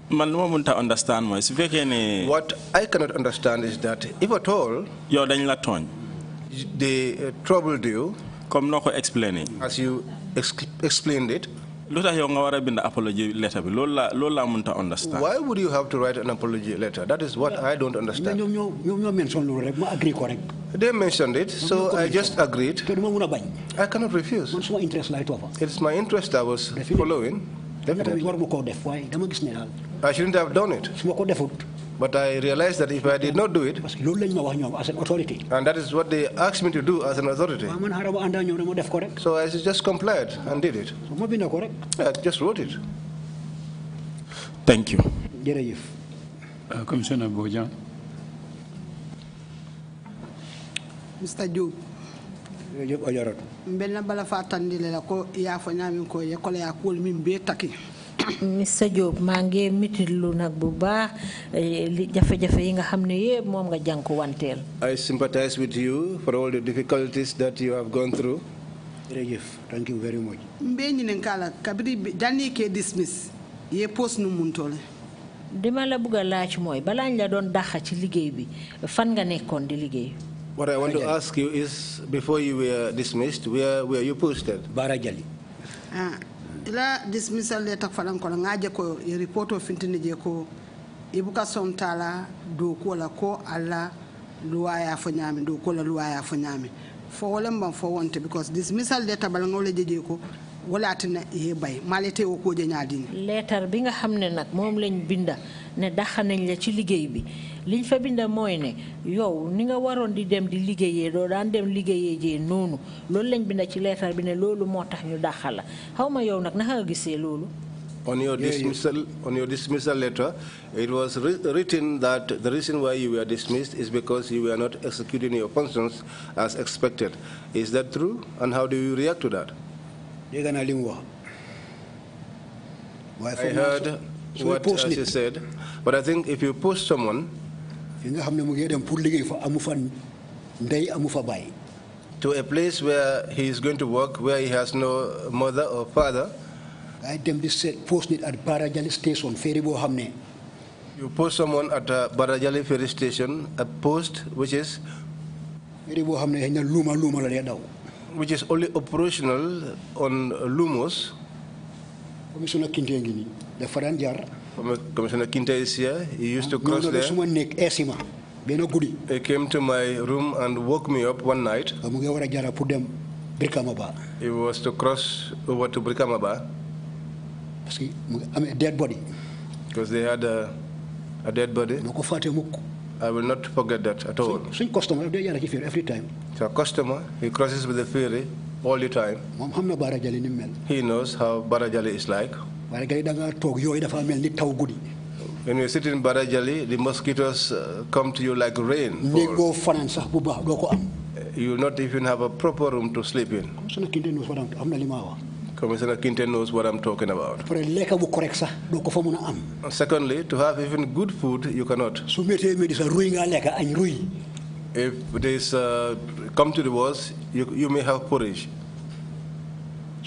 man lu ma understand mooy su fekkee ne. what I cannot understand is that if at all. yow dañ la tooñ. they uh, troubled you. comme noo ko explainé. as you explained it. lu tax yow nga war bind apology letter bi loolu laa loolu laa mënta understand. why would you have to write an apology letter that is what I don't understand. ñoom ñoo ñoom ñoo mention loolu rek ma agree ko rek. They mentioned it, so I just agreed. I cannot refuse. It's my interest I was following. Definitely. I shouldn't have done it. But I realized that if I did not do it, and that is what they asked me to do as an authority. So I just complied and did it. I just wrote it. Thank you. Uh, Commissioner Bojan. Mr. Duke. yo o yorot mbelna bala fa tandile la ko ya fo ñamin ko ye ko la ya kuol min be taki Mr Diop maa ngi mititlu nag bu baax eh, li jafe-jafe yi nga xam ne yëpp moom nga jànku wanteel I sympathize with you for all the difficulties that you have gone through jërëjëf thank you very much mbee ñinen kala kabiri danni ke dismiss ye post nu muntole dima la bëgg a laaj mooy balaañ la doon dàqa ci liggéey bi fan nga nekkoon di liggéey What I want Barajali. to ask you is, before you were dismissed, where were you posted? Barajali. Uh, ah, ila dismissal le takfalankola ngaje ko report of fintini je ko ibuka somtala do ko la ko alla luwa ya fo nyami do ko la luwa ya fo nyami fo wala mban fo wonte because dismissal letter tabal ngole je ko wala tina e bay malete o ko je nyadin letter bi nga xamne nak mom lañ binda ne la ci liggéey bi liñ fa binda mooy ne yow ni nga waroon di dem di liggéeyee doo daan dem liggéeyee jee noonu loolu lañ binda ci leetar bi ne loolu moo tax ñu daxa la xaw ma yow nag naka nga gisee loolu on your dismissal on your dismissal letter it was written that the reason why you were dismissed is because you were not executing your functions as expected is that true and how do you react to that I heard what as you said, but I think if you push someone, to a place where he is going to work, where he has no mother or father. You post someone at a uh, Barajali ferry station, a post which is which is only operational on Lumos. The foreigner, commissioner Kinte is here. He used to cross there. suma nekk eesima he came to my room and woke me up one night. Ah, mu ngi a Brikama he was to cross over to Brikama parce que dead body. because they had a, a dead body. I will not forget that at all. So, customer every time. so customer he crosses with the ferry all the time. he knows how Barajali is like. When you sit in Barajali, the mosquitoes uh, come to you like rain. Uh, you will not even have a proper room to sleep in. Commissioner Kinte knows what I'm talking about. secondly, to have even good food, you cannot. If this uh, come to the worst, you, you may have porridge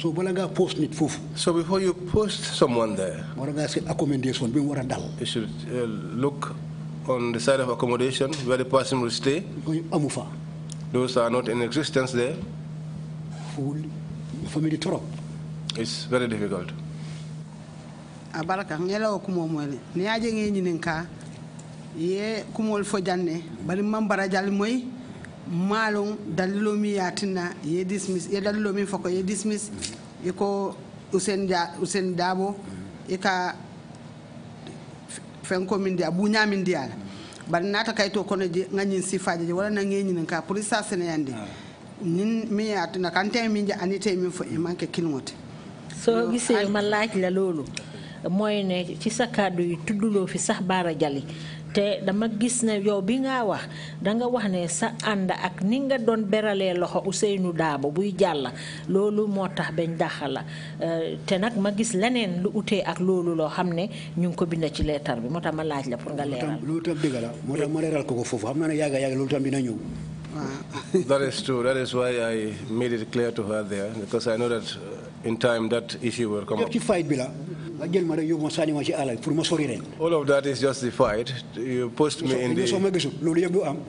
so post nit so before you post someone there. war ngaa accommodation bi mu dal. you should uh, look on the side of accommodation where the person will stay. those are not in existence there. Full family trop. it's very difficult. Ah, ngela ni aje ngi ye kumol fo janne bari moy malum dalilo mi yatinna ye dismiss ye dalilo min foko ye dismiss iko mhm. usen ja usen dabo ika mhm. ka fenko min dia a buña min di ala mhm. bari nata kono je ngani sifaje je wala na ngey ñin ka pour sa sene yande nin ah. mi yatina kan te min je anite min fo e mm. manke kinwote so gisee ma laaj la loolu moy ne ci sa kàddu yi fi sax bara jali te dama gis ne yow bi nga wax danga wax ne sa ànd ak ni nga doon beralee loxo Daabo buy jàll loolu moo tax bañ euh, te nag ma gis leneen lu utee ak loolu loo xam ne ñu ngi ko bind ci leetar bi moo tax ma laaj la pour nga leeral. loolu tam dëgg la moo tax ma leeral ko ko foofu xam naa ne loolu tam dina ñëw. that is true. That is why I made it clear to her there, because I know that uh, in time that issue will come up. All of that is justified. You post me in the,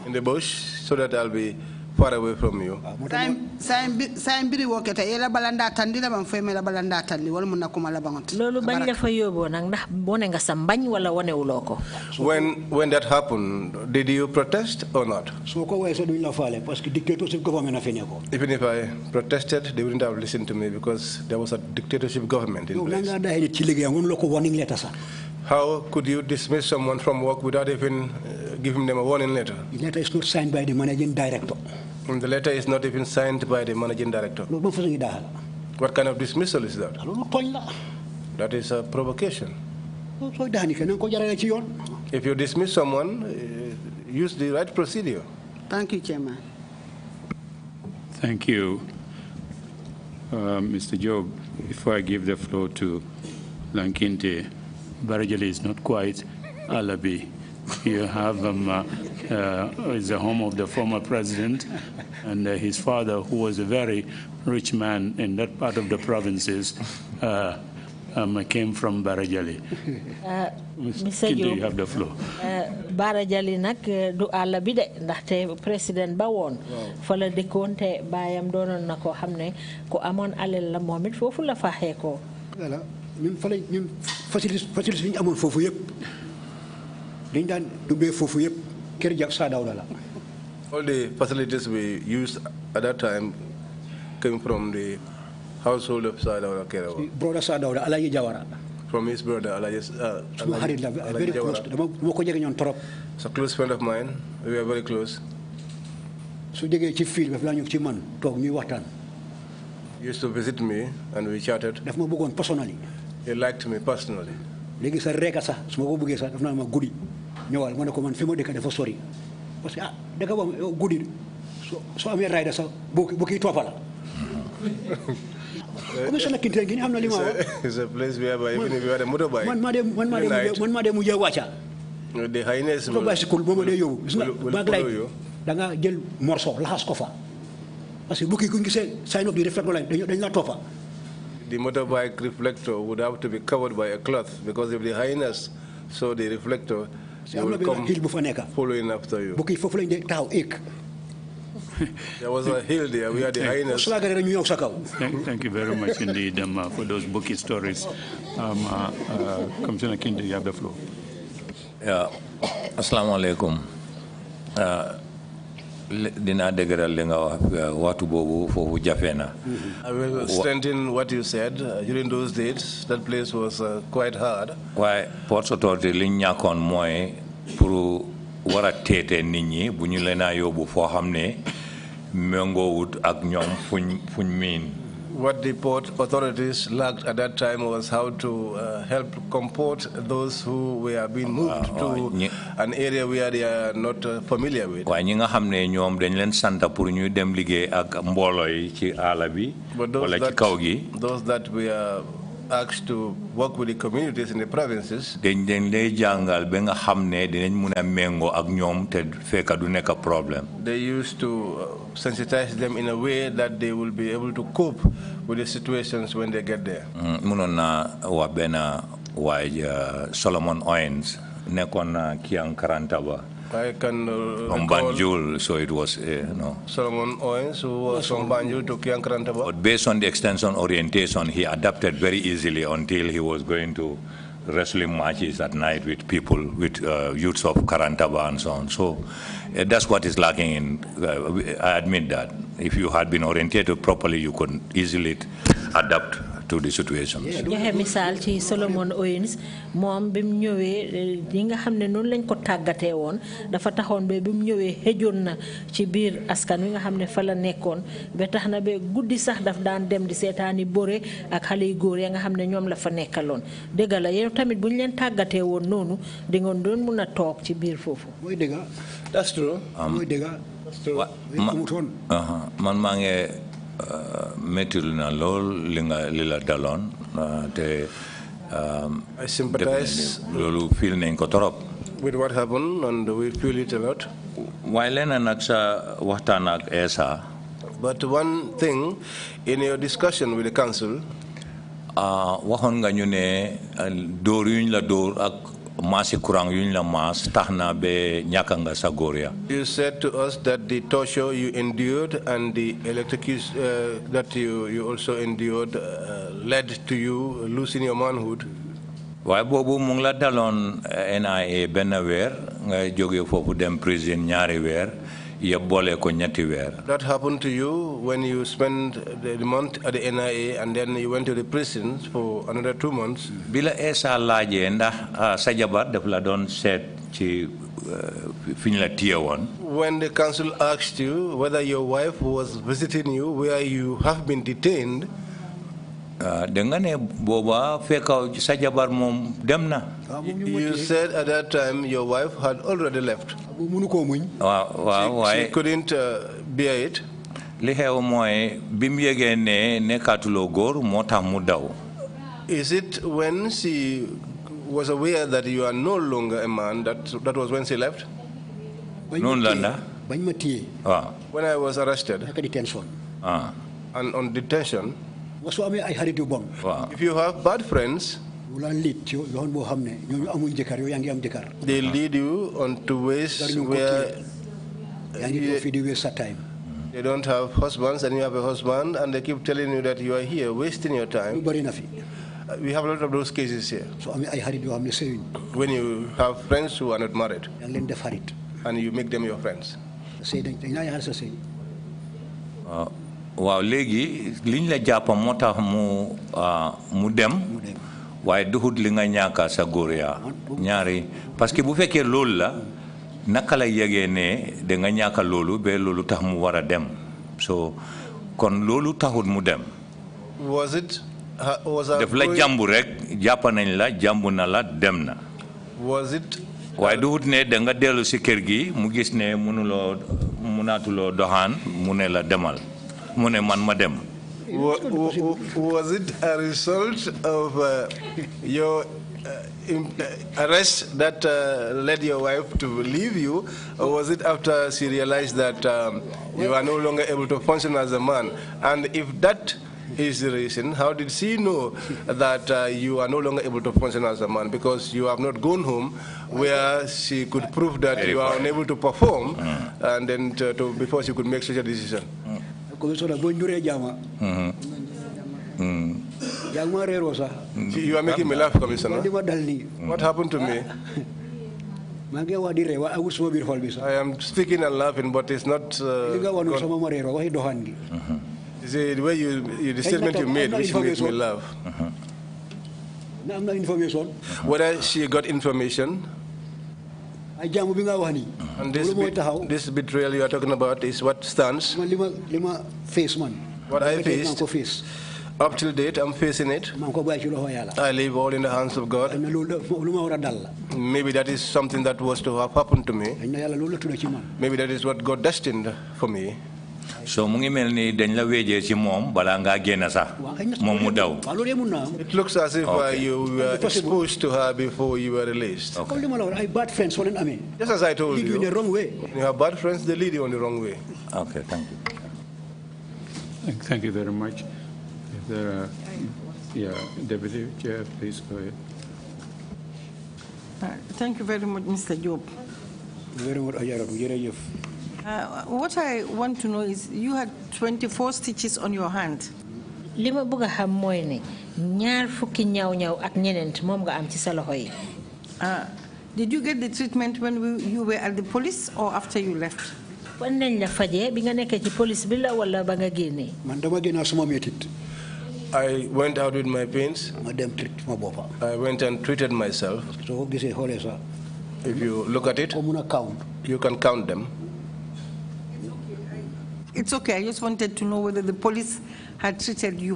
in the bush so that I'll be far away from you. biri yela balanda la balanda wala bangot la boné nga wala when when that happened did you protest or not so ko falé eh? dictatorship government na even if i protested they wouldn't have listened to me because there was a dictatorship government in place nga warning letter sa how could you dismiss someone from work without even uh, giving them a warning letter? The letter is not signed by the managing director. And the letter is not even signed by the managing director. What kind of dismissal is that? That is a provocation. If you dismiss someone, uh, use the right procedure. Thank you, Chairman. Thank you. Uh, Mr. Job, before I give the floor to Lankinte, Barajali is not quite Alabi. You have um, uh, uh, is the home of the former president and uh, his father, who was a very rich man in that part of the provinces. Uh, um, came from Barajali. Mr. Kindi, you have the floor. Barajali nag du àll bi de ndaxte président ba woon fa la dëkkoon te baayam doonoon na koo xam ne ku amoon alal la moom it foofu la faaxee ko. voilà ñun fa lañ ñun facilité facilité ñu amoon foofu yëpp dañ daan duggee foofu yëpp. kër jaksa dawda la all the facilities we used at that time came from the household of kera wa Brother Sadawda, Alaji Jawara. From his brother, Alaji, uh, ko Alaji ñon It's a close friend of mine. We are very close. su jege ci fil ba la ñu ci man tok ñuy waxtan used to visit me and we chatted daf ma bëggoon personally he liked me personally legi sa reka su ma ko bëggee sa daf na ma goudi ñëwal ma ne ko man fi ma dëkk dafa sori parce que ah da nga wax guddi soo soo amee rayda sax bu bu kii toppa la commissioner Kinteh gi xam na li ma wax. it's a place whereby even if you had a motorbike. man maa de man maa de man maa de mujjee wàcca. the highness will bicycle boobu day yóbbu. gis nga baag lay da nga jël morceau laxas ko fa. parce que bukki kuñ gisee sign of the reflector line dañ la toppa. the motorbike reflector would have to be covered by a cloth because if the highness saw the reflector following after you. there was a hill there. We had the highness. Thank, thank you very much indeed um, uh, for those bookie stories. Um, uh, uh, Commissioner Kinde, you have the floor. Yeah. Assalamu alaikum. Uh, dinaa dëgëral li nga wax euh, waxtu boobu foofu jafe na. Mm-hmm. I will strengthen what you said uh, during those days that uh, waaye Port Authority li ñàkkoon mooy pour war a nit ñi bu ñu leen yóbbu foo xam ne méngoowut ak ñoom fuñ miin. what the port authorities lacked at that time was how to uh, help comport those who were being moved ah, to ah, an area where they are not uh, familiar with. waaye ñi nga xam ne ñoom dañ leen sant pour ñuy dem liggéey ak mbolo yi ci àll bi. wala ci kaw gi. those that we are asked to work with the communities in the provinces. they used to uh, sensitize them in a way that they will be able to cope with the situations when they get there. Mm, uh, Solomon Owens I can uh, Banjul, so it was uh, know. Solomon Owens, who was from Banjul to Kiankrantaba. But based on the extension orientation, he adapted very easily until he was going to wrestling matches at night with people, with uh, youths of Karantaba and so on. So uh, that's what is lacking in, uh, I admit that. If you had been orientated properly, you could easily adapt to the situation. joxe misaal ci Solomon Owens moom bi mu ñëwee yi eh, nga xam ne noonu lañ ko tàggatee woon dafa taxoon ba bi mu ñëwee xejoon na ci biir askan wi nga xam ne fa la nekkoon ba tax na ba guddi sax daf daan dem di seetaani bore ak xale yu góor ya nga xam ne ñoom la fa nekkaloon dëgg la yow tamit bu ñu leen tàggatee woon noonu di ngeen doon mun a toog ci biir foofu. mooy um, uh-huh. man maa ngi. Euh, méttilu na lool li nga li la daloon euh, te euh, loolu feel nañ ko torop with what happened a nag sa waxtaan ak ESA but ah, waxoon nga ñu ne dóor yuñ la dóor ak maasi kurang yuñ la maas tax You said to us that the torture you endured and the electrocution uh, that you, you also endured uh, led to you losing your manhood. waaye boobu mu uh, ngi NIA benn weer nga jógee foofu dem prison nyari weer. ya boole ko ñetti weer that happened to you when you spent the month at the NIA and then you went to the prison for another two months bila esa eh laaje ndax ah, sa jabar daf la doon seet eh, ci fiñ la téye woon when the council asked you whether your wife was visiting you where you have been detained dangane booba fekkaaw sa jabar moom dem na. you said at that time your wife had already left. munu ah, ah, she couldn't uh, bear it. li o mooy bimyege ne ne nekkaatuloo góor moo tax is it when she was aware that you are no longer a man that that was when she left. noonu la ndax. when I was arrested. detention. ah. and on detention if you have bad friends. lead they lead you on to ways where. you time. they don't have husbands and you have a husband and they keep telling you that you are here wasting your time. we have a lot of those cases here. So when you have friends who are not married, and you make them your friends. Uh, waaw léegi liñ la jàpp moo tax mu ah, mu dem waaye duxut li nga ñaaka sa góor yaa ñaari parce que bu fekkee loolu la naka la ne de nga ñaaka loolu ba loolu tax mu war dem so kon loolu taxut mu dem was it was def la jamburek, rek jàpp nañ la jambu na la dem na was it waaye duxut ne da nga dellu si kër gi mu gis ne mënuloo mënaatuloo doxaan mu ne la demal mu man ma dem. was it a result of uh, your uh, arrest that uh, led your wife to leave you, or was it after she realized that um, you are no longer able to function as a man? And if that is the reason, how did she know that uh, you are no longer able to function as a man? Because you have not gone home where she could prove that you are unable to perform, mm. and then to, to, before she could make such a decision. Mm you are making me laugh, Commissioner. What happened to me? I am speaking and laughing, but it's not. Uh, the way you, you, the statement you made, which makes me laugh. Uh -huh. Whether she got information ay bi nga wax nii. Uh-huh. this betrayal you are talking about is what stands. man face man. what I faced. face. up till date I'm facing it. I leave all in the hands of God. Maybe that is something that was to have happened to me. Maybe that is what God destined for me so mu ngi dañ la wéjee ci moom balaa ngaa génn sax mom mu daw it looks as if uh, okay. uh, you were exposed to her before you were released okay. just as I told you in the wrong way you have bad friends they lead you on the wrong way okay thank you thank you very much if there are, yeah deputy chair please go ahead uh, thank you very much Mr. Job very much jërëjëf uh, what I want to know is you had 24 stitches on your hand. Lima ma bëgg a xam mooy ne ñaar fukki ñaw-ñaw ak ñeneent moom nga am ci sa loxo yi. Uh, did you get the treatment when you were at the police or after you left. fan nañ la fajee bi nga nekkee ci police bi la wala ba nga génnee. man dama génn sama métit. I went out with my pains. ma dem treat ma boppa. I went and treated myself. So ko gisee xoolee sax. if you look at it. ko mun a count. you can count them. It's okay, I just wanted to know whether the police had treated you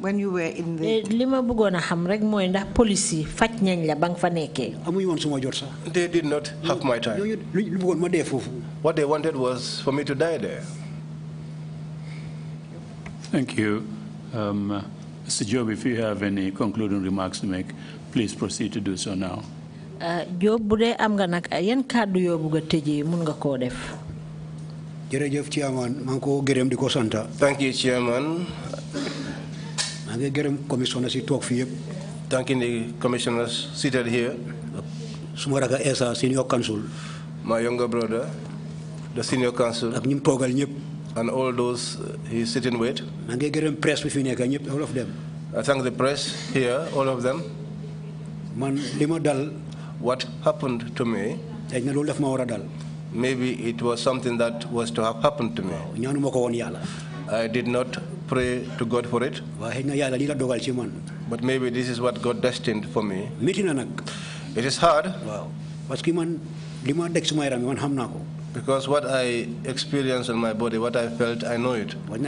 when you were in the. Eh, Lima ma bëggoon a mo enda police yi faj la bang nga Amu yon amuñu woon suma they did not have my time. lu lu bëggoon ma what they wanted was for me to die there. Thank you. Um, Mr. Job, if you have any concluding remarks to make, please proceed to do so now. Eh, Job, bu am ganak ayen yan kàddu yoo bëgg a tëjee def jërëjëf chairman maa gërëm di ko thank you chairman. maa ngi gërëm commissioner si toog fii yëpp. thanking the commissioners seated here. suma rakk Essa senior counsel. my younger brother the senior counsel. ak ñi mu toogal and all those uh, he's sitting with. maa ngi gërëm presse bi fi nekk all of them. I thank the press here all of them. man li dal. what happened to me. dañ ne loolu daf ma war dal maybe it was something that was to have happened to me. I did not pray to God for it. But maybe this is what God destined for me. It is hard. Because what I experienced in my body, what I felt, I know it. But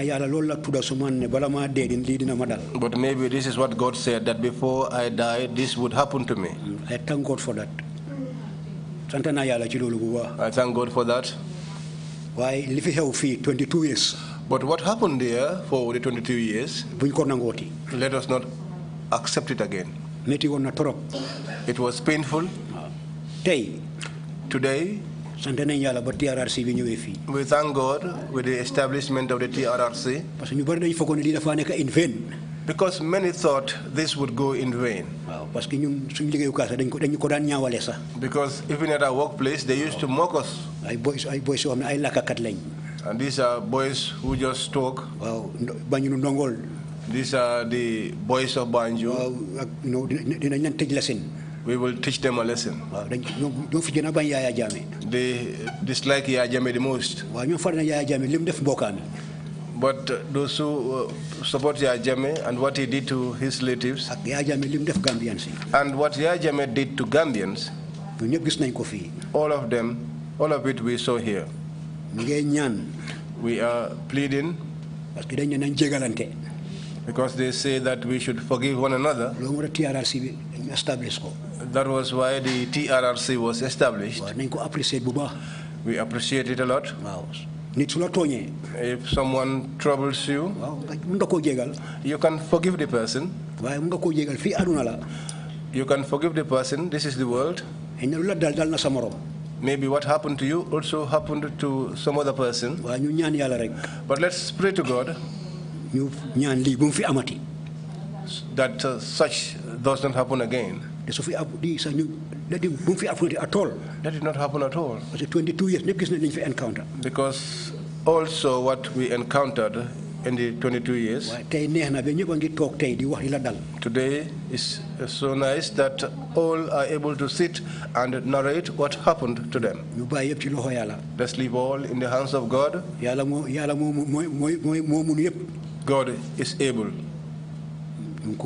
maybe this is what God said that before I die, this would happen to me. I thank God for that. I thank God for that. Why live here for 22 years. But what happened there for the 22 years? buñ go nangooti. Let us not accept it again. It was painful. waaw ah. Today. sant nañ yàlla TRRC we thank God with the establishment of the TRRC. in vain because many thought this would go in vain. Because even at our workplace, they used to mock us. And these are boys who just talk. These are the boys of Banjo. We will teach them a lesson. They dislike Yaya Jame the most but those who uh, support Yaya Jammeh and what he did to his relatives. Jammeh Gambians and what Yaya Jammeh did to Gambians. all of them all of it we saw here. we are pleading. because they say that we should forgive one another. that was why the TRRC was established. we appreciate it a lot nit su la if someone troubles you. nga jégal. you can forgive the person. waaye nga jégal fii aduna la. you can forgive the person this is the world. la dal dal na sa morom. maybe what happened to you also happened to some other person. waaye ñu ñaan yàlla rek. but let's pray to God. ñu ñaan lii bu mu fi amati. that uh, such does not happen again. su fi di sax ñu that did not happen at all. 22 years. Because also what we encountered in the 22 years. Today is so nice that all are able to sit and narrate what happened to them. Let's leave all in the hands of God. God is able. Let's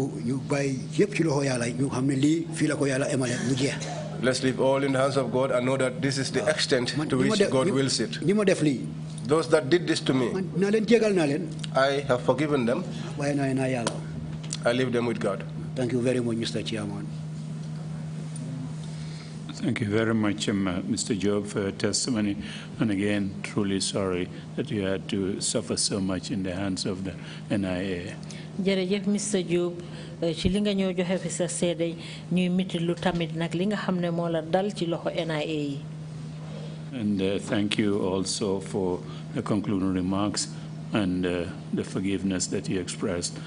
leave all in the hands of God and know that this is the ah. extent to which God wills it. Those that did this to me. I have forgiven them. I leave them with God. Thank you very much, Mr. Chairman. Thank you very much, Mr. Um, uh, Job, for your testimony. And again, truly sorry that you had to suffer so much in the hands of the NIA jërëjëf Mr Diop eh, ci li nga joxe fi sa seede ñuy tamit nag li nga xam ne moo la dal ci loxo NIA yi. And uh, thank you also for the concluding remarks and uh, the forgiveness that you expressed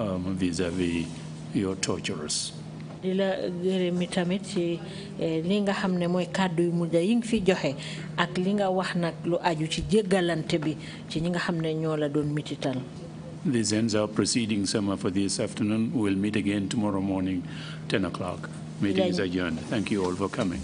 um, vis-à-vis your torturers. di gërëm tamit ci li nga xam ne mooy kàddu yu mujj yi fi joxe ak li nga wax nag lu aju ci jéggalante bi ci ñi nga xam ne ñoo la doon mitital. This ends our summer for this afternoon. We'll meet again tomorrow morning, 10 o'clock. Meeting is adjourned. Thank you all for coming.